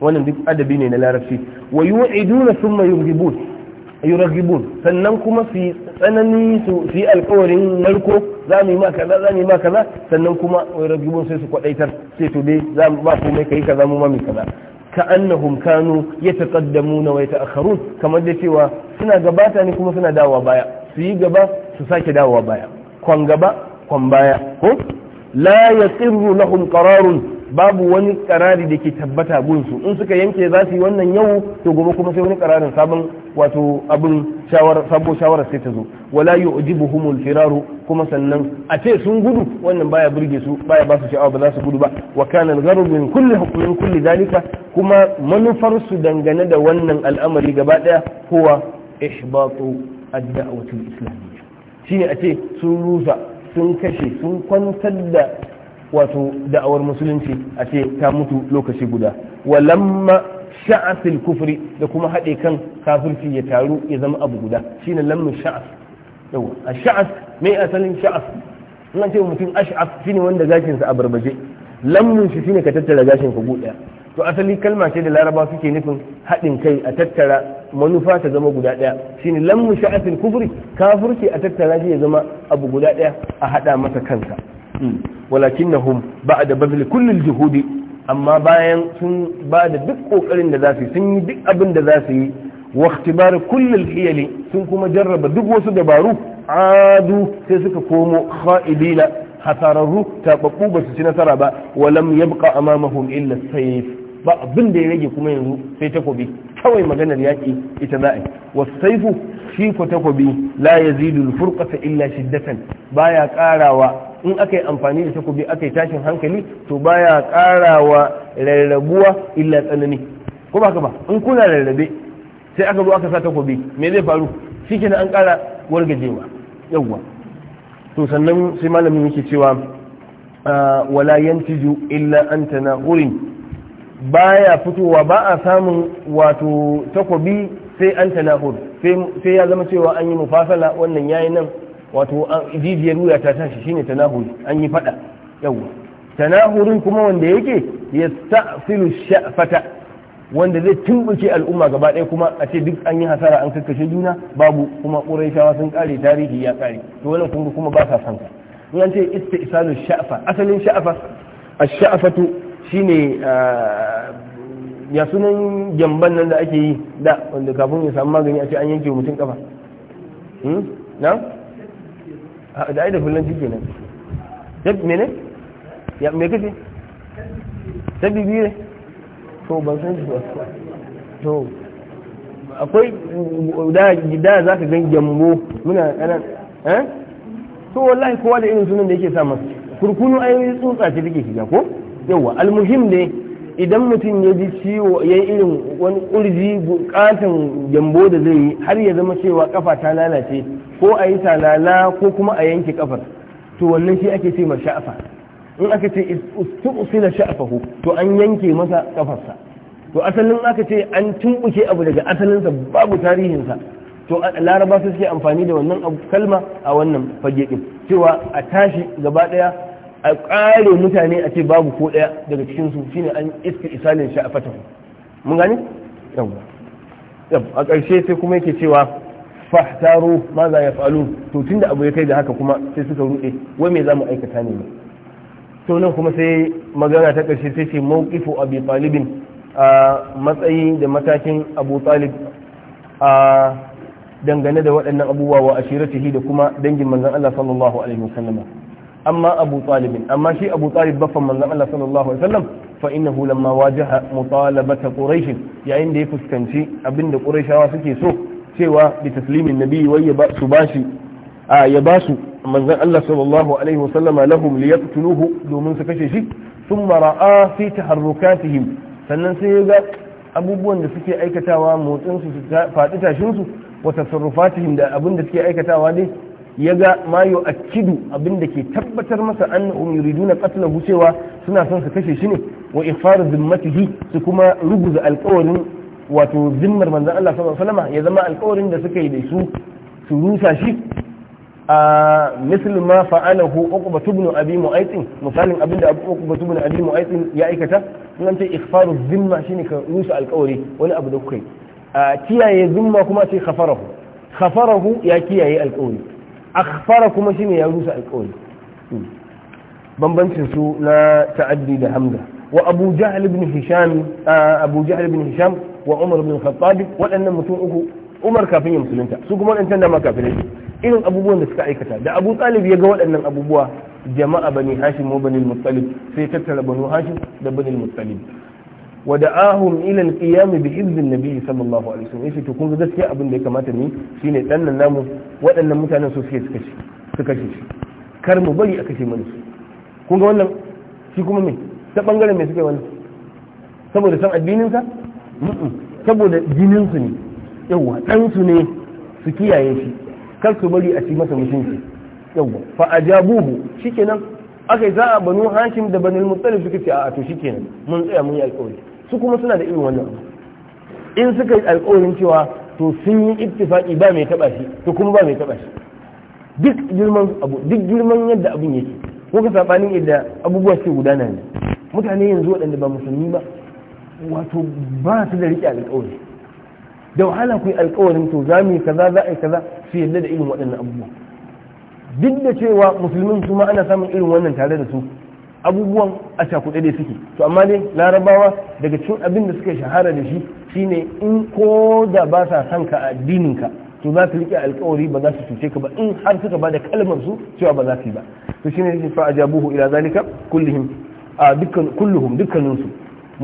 wannan duk adabi ne na larabci wa yu'iduna thumma yurghibun yurghibun sannan kuma su tsanani su yi alƙawarin narko za mu yi ma kaza za mu yi ma kaza sannan kuma yurghibun sai su kwadaitar sai to dai za mu ba komai kai kaza mu ma mu kaza ka annahum kanu yataqaddamuna wa yata'akharun kamar da cewa suna gabata ne kuma suna dawowa baya su yi gaba su sake dawowa baya kwan gaba kwan baya ko la yasirru lahum qararun babu wani karari da ke tabbata gunsu in suka yanke za su yi wannan yau to gobe kuma sai wani kararin sabon wato abin sabo shawarar sai ta zo wala yu'jibuhumul firaru kuma sannan a ce sun gudu wannan baya burge su baya ba su sha'awa ba za su gudu ba wa kana al min kulle hukmin dalika kuma manufar su dangane da wannan al'amari gaba daya huwa ihbatu ad-da'wati al-islamiyya shine a ce sun rusa sun kashe sun kwantar da wato da'awar musulunci a ce ta mutu lokaci guda walamma sha'asil kufri da kuma haɗe kan kafirci ya taru ya zama abu guda shine lamnu sha'as yawa a sha'as mai asalin sha'as in an ce mutum ash'af shine wanda gashinsa a barbaje lamnun shi shine ka tattara gashin ka guda to asali kalma ce da laraba suke nufin haɗin kai a tattara manufa ta zama guda ɗaya shine lammu sha'atin kufri kafirci a tattara shi ya zama abu guda ɗaya a haɗa masa kansa hmm. walakinnahum ba'da bazli kullil juhudi amma bayan sun ba da duk kokarin da zasu yi sun yi duk abin da zasu yi wa ikhtibar kullil hiyali sun kuma jarraba duk wasu dabaru adu sai suka komo kha'ibina hasararru tababbu ba su ci nasara ba walam yabqa amamahum illa sayf ba abin da ya rage kuma yanzu sai takobi kawai maganar yaƙi ita za a yi wasaifu shi ko takobi la yazidul furqata illa shiddatan baya karawa in aka yi amfani da takobi aka yi tashin hankali to baya karawa rarrabuwa illa tsanani ko ba ba in kuna rarrabe sai aka zo aka sa takobi me zai faru shikenan an kara wargajewa yawwa to sannan sai malamin yake cewa ah, wala yantiju illa an wurin. baya fitowa ba a samun wato takobi sai an tanahud sai ya zama cewa an yi mufasala wannan yayi nan wato jijiyar wuya ta tashi shine tanahud an yi fada yawa tanahurin kuma wanda yake yasta'filu sha'fata wanda zai tumbuke al'umma gaba ɗaya kuma a ce duk an yi hasara an kakkashe juna babu kuma ƙuraishawa sun ƙare tarihi ya ƙare to wannan kuma kuma ba sa san in an ce istisalu sha'fa asalin sha'fa ash-sha'fatu shine ah, ya sunan jamban nan da ake yi da wanda kafin ya samu magani a ce an yanke mutum kafa hmm? na? Ah, da ai da kullum cikin nan mene? ya me kace? sabbi biyu ne? to ban san shi ba to akwai da za ka gan gyambo muna kanan eh? to wallahi kowa da irin sunan da yake sa masa kurkunu ayoyi tsutsa ce take shiga ko? yauwa almuhim ne idan mutum ya ji ciwo ya yi irin wani kurji bukatan gyambo da zai yi har ya zama cewa kafa ta lalace ko a yi talala ko kuma a yanke kafar to wannan shi ake ce sha'afa in aka ce usila sha'afahu to an yanke masa ƙafarsa to asalin aka ce an tumbuke abu daga asalinsa babu tarihinsa to laraba su suke amfani da wannan kalma a wannan fage ɗin cewa a tashi gaba ɗaya. a ƙare mutane a ce babu ko ɗaya daga cikin su shine an iska isalin sha a fatahu mun gani a ƙarshe sai kuma yake cewa fahtaro ma za ya falu to tunda abu ya kai da haka kuma sai suka ruɗe wai me za mu aikata ne to nan kuma sai magana ta ƙarshe sai ce mawqifu abi talibin a matsayi da matakin abu talib a dangane da waɗannan abubuwa wa ashiratihi da kuma dangin manzon Allah sallallahu alaihi wasallam amma abu talibin amma shi abu talib baffan manzan Allah sallallahu alaihi wasallam fa innahu lamma wajaha mutalabata quraish yayin da ya fuskanci abinda quraishawa suke so cewa bi taslimin nabi wai ya su bashi a ya basu manzon Allah sallallahu alaihi wasallam lahum liyaqtuluhu domin su kashe shi thumma ra'a fi taharrukatihim sannan sai ya ga abubuwan da suke aikatawa motsin su faɗi tashin su wa tasarrufatihim da abin da suke aikatawa dai ya ga ma yu'akkidu abin da ke tabbatar masa annahum duna qatlahu cewa suna son su kashe shi ne wa ifaru zimmatihi su kuma ruguza alƙawarin wato zimmar manzan Allah sama falama ya zama alƙawarin da suka yi da su su rusa shi a misal ma fa'alahu uqba ibn abi mu'aytin misalin abin da uqba ibn abi mu'aytin ya aikata sunan ce ikhfaru zimma shine ka rusa alƙawari wani abu da kuka yi kiyaye zimma kuma ce khafarahu khafarahu ya kiyaye alƙawari akhfara kuma shine ya rusa alƙawari hmm. bambancin su na ta'addi da hamza wa abu jahl ibn hisham abu jahl ibn hisham wa umar ibn khattab waɗannan mutum uku umar kafin ya musulunta su kuma waɗancan da ma kafin irin abubuwan da suka aikata da abu talib ya ga waɗannan abubuwa jama'a bani hashim bani muttalib sai tattara bani hashim da bani muttalib wa da'ahum ila al-qiyam bi idzin nabi sallallahu alaihi wasallam yace to kun ga gaskiya abin da ya kamata ni shine dan nan namu waɗannan mutanen su suke suka ci suka ci kar mu bari a kashe mana kun ga wannan shi kuma me ta bangaren me suke wannan saboda san addinin sa saboda jinin su ne yawa dan su ne su kiyaye shi kar su bari a ci masa mutunci yawa fa ajabuhu shikenan aka yi za a banu hashim da banil mutsalif suka ce a to shikenan mun tsaya mun yi alƙawari su kuma suna da irin wannan in suka yi alƙawarin cewa to sun yi ittifaki ba mai taba shi to kuma ba mai taba shi duk girman abu duk girman yadda abin yake ko ka sabanin yadda abubuwa ke gudana ne mutane yanzu waɗanda ba musulmi ba wato ba su da riƙe alƙawari da wahala ku yi alƙawarin to za mu yi kaza za a yi kaza su yadda da irin waɗannan abubuwa duk da cewa musulmin su ma ana samun irin wannan tare da su abubuwan a cakuɗe da suke to amma dai larabawa daga cikin abin da suka shahara da shi shine in ko da ba sa son ka addinin ka to za su rike alkawari ba za su cuce ka ba in har suka ba da kalmar su cewa ba za su yi ba to shine ne fa ajabuhu ila zalika kullihim a dukkan kulluhum dukkanin su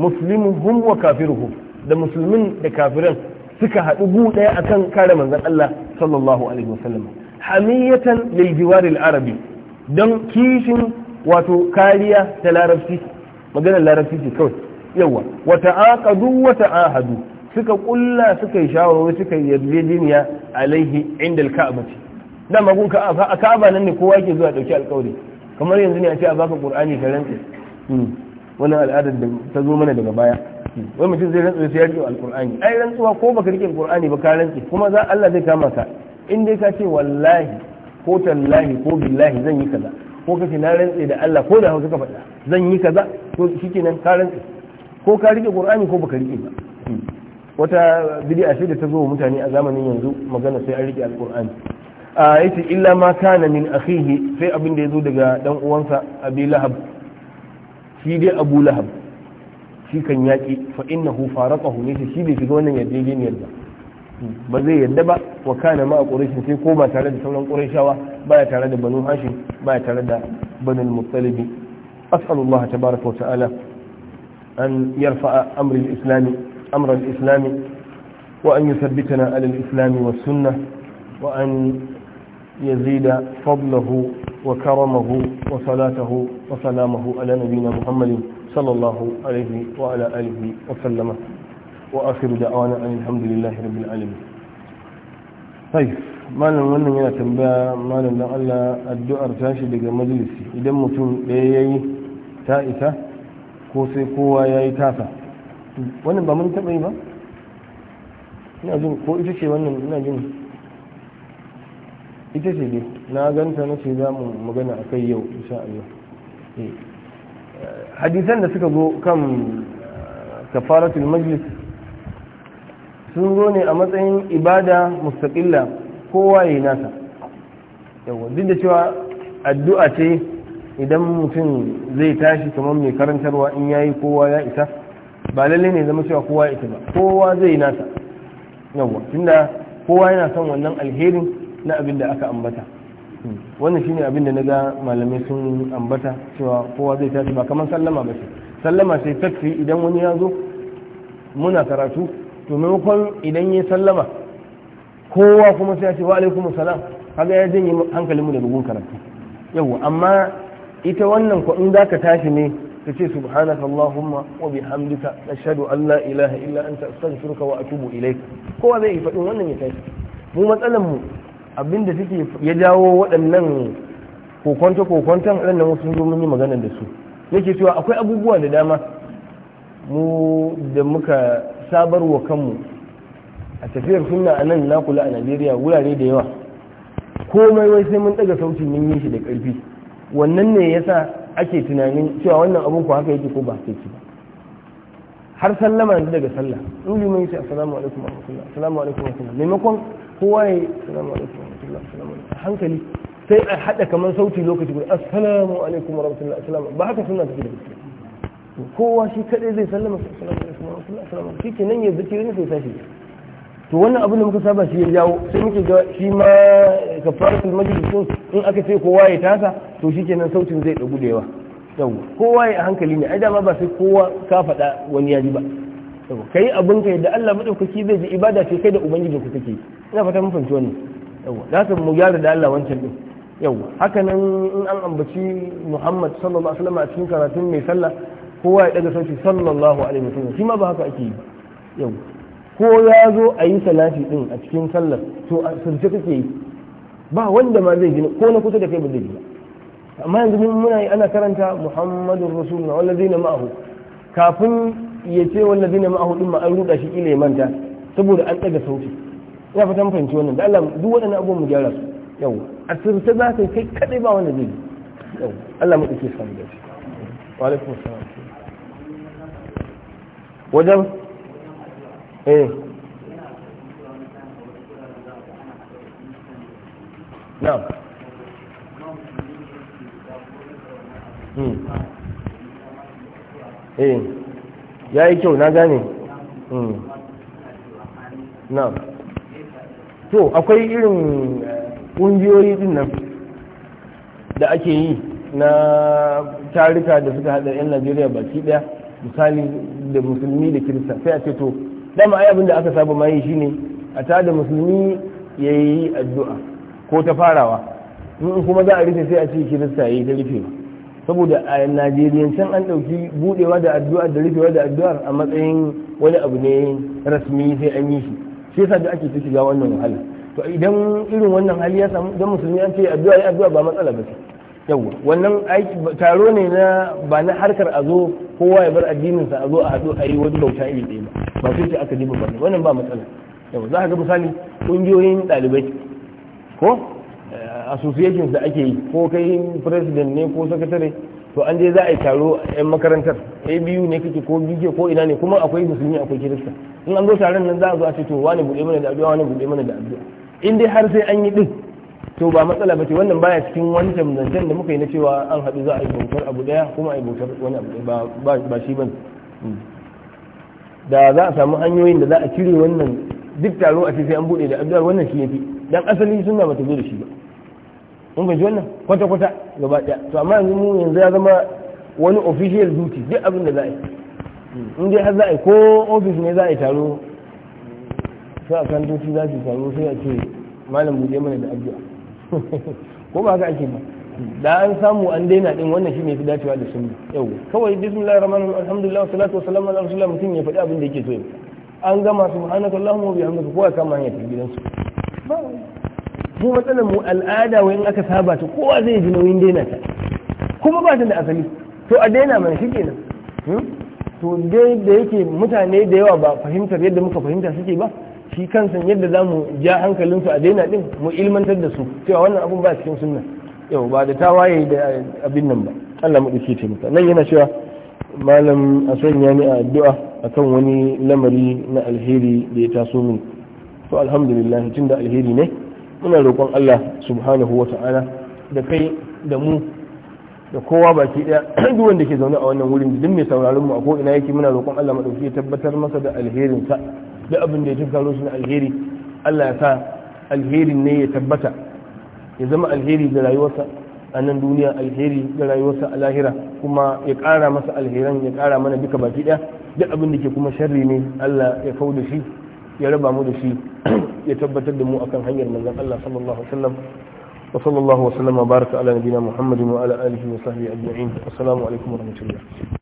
muslimuhum wa kafiruhum da musulmin da kafiran suka haɗu gu ɗaya akan kare manzon Allah sallallahu alaihi wasallam hamiyatan lil jiwaril arabi don kishin wato kariya ta larabci maganar larabci ce kawai yawa wata aqadu wata ahadu suka kulla suka yi shawarwari suka yi yarjejeniya alaihi inda alka'aba ce da magun ka'aba a ka'aba nan ne kowa yake zuwa dauki alkawari kamar yanzu ne a ce a baka qur'ani ka rantsa hmm, wani al'adar da ta zo mana daga baya hmm, wai mutum zai rantsa sai ya rike alqur'ani ai rantsuwa ko baka rike kurani ba ka rantsa kuma za Allah zai kama ka in dai ka ce wallahi ko tallahi ko billahi zan yi kaza ko kace na rantse da Allah ko da hausa ka faɗa zan yi kaza ko shike nan ka rantsi ko ka rike qur'ani ko baka rike ba wata bid'a ce da ta zo mutane a zamanin yanzu magana sai an rike alqur'ani a yace illa ma kana min akhihi sai abin da yazo daga dan uwansa abi lahab shi dai abu lahab shi kan yaki fa innahu faraqahu ne shi bai shiga wannan ne ba ba zai yadda ba wa kana ma a ƙurashin sai ko ba tare da sauran ƙurashawa ba ya tare da banu hashin ba ya tare da banu mutsalibi as'alullah ta tabaraka ko ta'ala an yarfa amri al-islami amran islami wa an yuthabbitana ala alin islami wa sunnah wa an ya zida fadlahu wa karamahu wa salatahu wa salamahu ala nabi na muhammadin sallallahu alaihi wa ala alihi wa sallama وآخر دعوانا أن الحمد لله رب العالمين طيب malam wannan yana tambaya malam dan Allah addu'ar tashi daga majalisi idan mutum ɗaya yayi ta isa ko sai kowa yayi tasa wannan ba mun taɓa yi ba ina jin ko ita ce wannan ina jin ita ce dai na ganta na ce za mu magana a kai yau insha Allah hadisan da suka zo kan kafaratul majlis sun zo ne a matsayin ibada mustaƙilla kowa ya yi nasa yawa duk da cewa addu'a ce idan mutum zai tashi kamar mai karantarwa in ya yi kowa ya isa ba lalle ne zama cewa kowa ya isa ba kowa zai yi nasa yawa tunda kowa yana son wannan alherin na abin da aka ambata wannan shine abin da naga malamai sun ambata cewa kowa zai tashi ba kamar sallama ba ce sallama sai taksi idan wani ya zo muna karatu to maimakon idan ya sallama kowa kuma sai ya ce wa alaikum salam kaga ya janye hankalin mu daga gun karatu yawa amma ita wannan ko in zaka tashi ne ka ce subhanaka allahumma wa bihamdika ashhadu an la ilaha illa anta astaghfiruka wa atubu ilaik kowa zai yi fadin wannan ya tashi mu matsalan mu abinda take ya jawo waɗannan kokonta kokontan waɗannan wasu zo yi magana da su yake cewa akwai abubuwa da dama mu da muka sabar wa kanmu a tafiyar suna a nan na kula a najeriya wurare da yawa komai wai sai mun daga sauti mun yi shi da karfi wannan ne yasa ake tunanin cewa wannan abun ko haka yake ko ba haka yake ba har sallama yanzu daga sallah in liman yace assalamu alaikum wa rahmatullah assalamu alaikum wa rahmatullah maimakon kowa ya assalamu alaikum wa rahmatullah assalamu alaikum hankali sai a hada kamar sauti lokaci guda assalamu alaikum wa rahmatullah assalamu ba haka sunna take da gaskiya kowa shi kadai zai sallama sallama shi ke nan ya zace wani sai tashi to wannan abin da muka saba shi ya jawo sai muke ga shi ma kafaratul majlisin in aka ce kowa ya tasa to shi ke nan sautin zai dagu da yawa yau kowa ya hankali ne ai dama ba sai kowa ka faɗa wani ya ji ba ka yi abin ka yadda Allah maɗaukaki zai ji ibada ce kai da ubangiji ku take ina fata mun fahimci wannan yawa za ka mu gyara da Allah wancan din yawa haka nan in an ambaci Muhammad sallallahu alaihi wasallam a cikin karatun mai sallah kowa ya daga sauki sallallahu alaihi wasallam shi ma ba haka ake yi yau ko ya zo a yi salati din a cikin sallar to a sirce kake yi ba wanda ma zai gina ko na kusa da kai ba zai gina amma yanzu muna yi ana karanta muhammadun rasulullah wallazina ma'ahu kafin ya ce wallazina ma'ahu din ma an ruda shi kila ya manta saboda an daga sauti ina fatan fahimci wannan da Allah duk waɗannan abubuwan mu gyara su yau a sirce za ka kai kadai ba wanda zai yau Allah mu dake samu da shi wa alaikum assalam wajen eh na hmm. eh ya yi kyau na gane hmm. na to akwai irin eh, ƙungiyoyi din nan da ake yi na tarika da suka haɗa 'yan najeriya baki ɗaya misali da musulmi da kirista sai a ce to dama ai abin da aka saba ma yi shine a ta da musulmi ya yi addu'a ko ta farawa in kuma za a rufe sai a ce kirista ya yi ta rufe saboda a najeriyancin an ɗauki budewa da addu'a da rufewa da addu'a a matsayin wani abu ne rasmi sai an yi shi shi yasa da ake ta shiga wannan wahala to idan irin wannan hali ya samu dan musulmi an ce addu'a ya addu'a ba matsala ba ce yau wannan taro ne na ba na harkar a zo kowa ya bar addininsa a zo a haɗu a yi wani bauta iri ɗaya ba ba su ce aka ji ba wannan ba matsala yau za ka ga misali ƙungiyoyin ɗalibai ko eh, associations da ake yi ko kai president ne ko sakatare to an je za a yi taro a yan makarantar abu ne kake ko bk ko ina ne kuma akwai musulmi akwai kirista in an zo taron nan za a zo a ce to wani buɗe mana da addu'a wani buɗe mana da addu'a in dai har sai an yi din to ba matsala ba ce wannan baya cikin wancan zancen da muka yi na cewa an haɗu za a yi bautar abu ɗaya kuma a yi bautar wani abu ɗaya ba shi ba hmm. da za a samu hanyoyin da za a cire wannan duk taro a ce sai an buɗe da abdar wannan shi fi dan asali suna bata zo da shi ba mun ga wannan kwata kwata gaba ɗaya to amma yanzu mu yanzu ya zama wani official duty duk abin da za a yi hmm. in dai har za a yi ko ofis ne za a yi taro sai a kan za su samu sai a ce malam buɗe mana da abdar ko ba ka ake ba da an samu an daina din wannan shine fi dacewa da sunna yau kawai bismillahir rahmanir rahim alhamdulillah salatu wassalamu ala rasulillah mutum ya faɗi abin da yake so ya an gama allahumma wa bihamdika kowa kama hanya ta ba mu matsalar mu al'ada wayan aka saba ta kowa zai ji nauyin daina ta kuma ba ta da asali to a daina mana shi kenan hmm? to dai da yake mutane da yawa ba fahimtar yadda muka fahimta suke ba shi kansan yadda za mu ja hankalinsu a daina din mu ilmantar da su cewa wannan abun ba cikin sunna yau ba da ta waye da abin nan ba Allah mu dace taimaka nan yana cewa malam a sanya ni a addu'a akan wani lamari na alheri da ya taso min to alhamdulillah tunda alheri ne muna roƙon Allah subhanahu wa ta'ala da kai da mu da kowa baki daya duk wanda ke zaune a wannan wurin duk mai sauraron mu a ko ina yake muna roƙon Allah madauki ya tabbatar masa da alherin sa duk abin da ya tunkaro shi na alheri Allah ya sa alherin ne ya tabbata ya zama alheri da rayuwarsa a nan duniya alheri da rayuwarsa a lahira kuma ya ƙara masa alheran ya ƙara mana duka baki ɗaya duk abin da ke kuma sharri ne Allah ya kau da shi ya raba mu da shi ya tabbatar da mu akan hanyar manzon Allah sallallahu alaihi wasallam وصلى الله وسلم وبارك على نبينا محمد وعلى آله وصحبه أجمعين السلام عليكم wa الله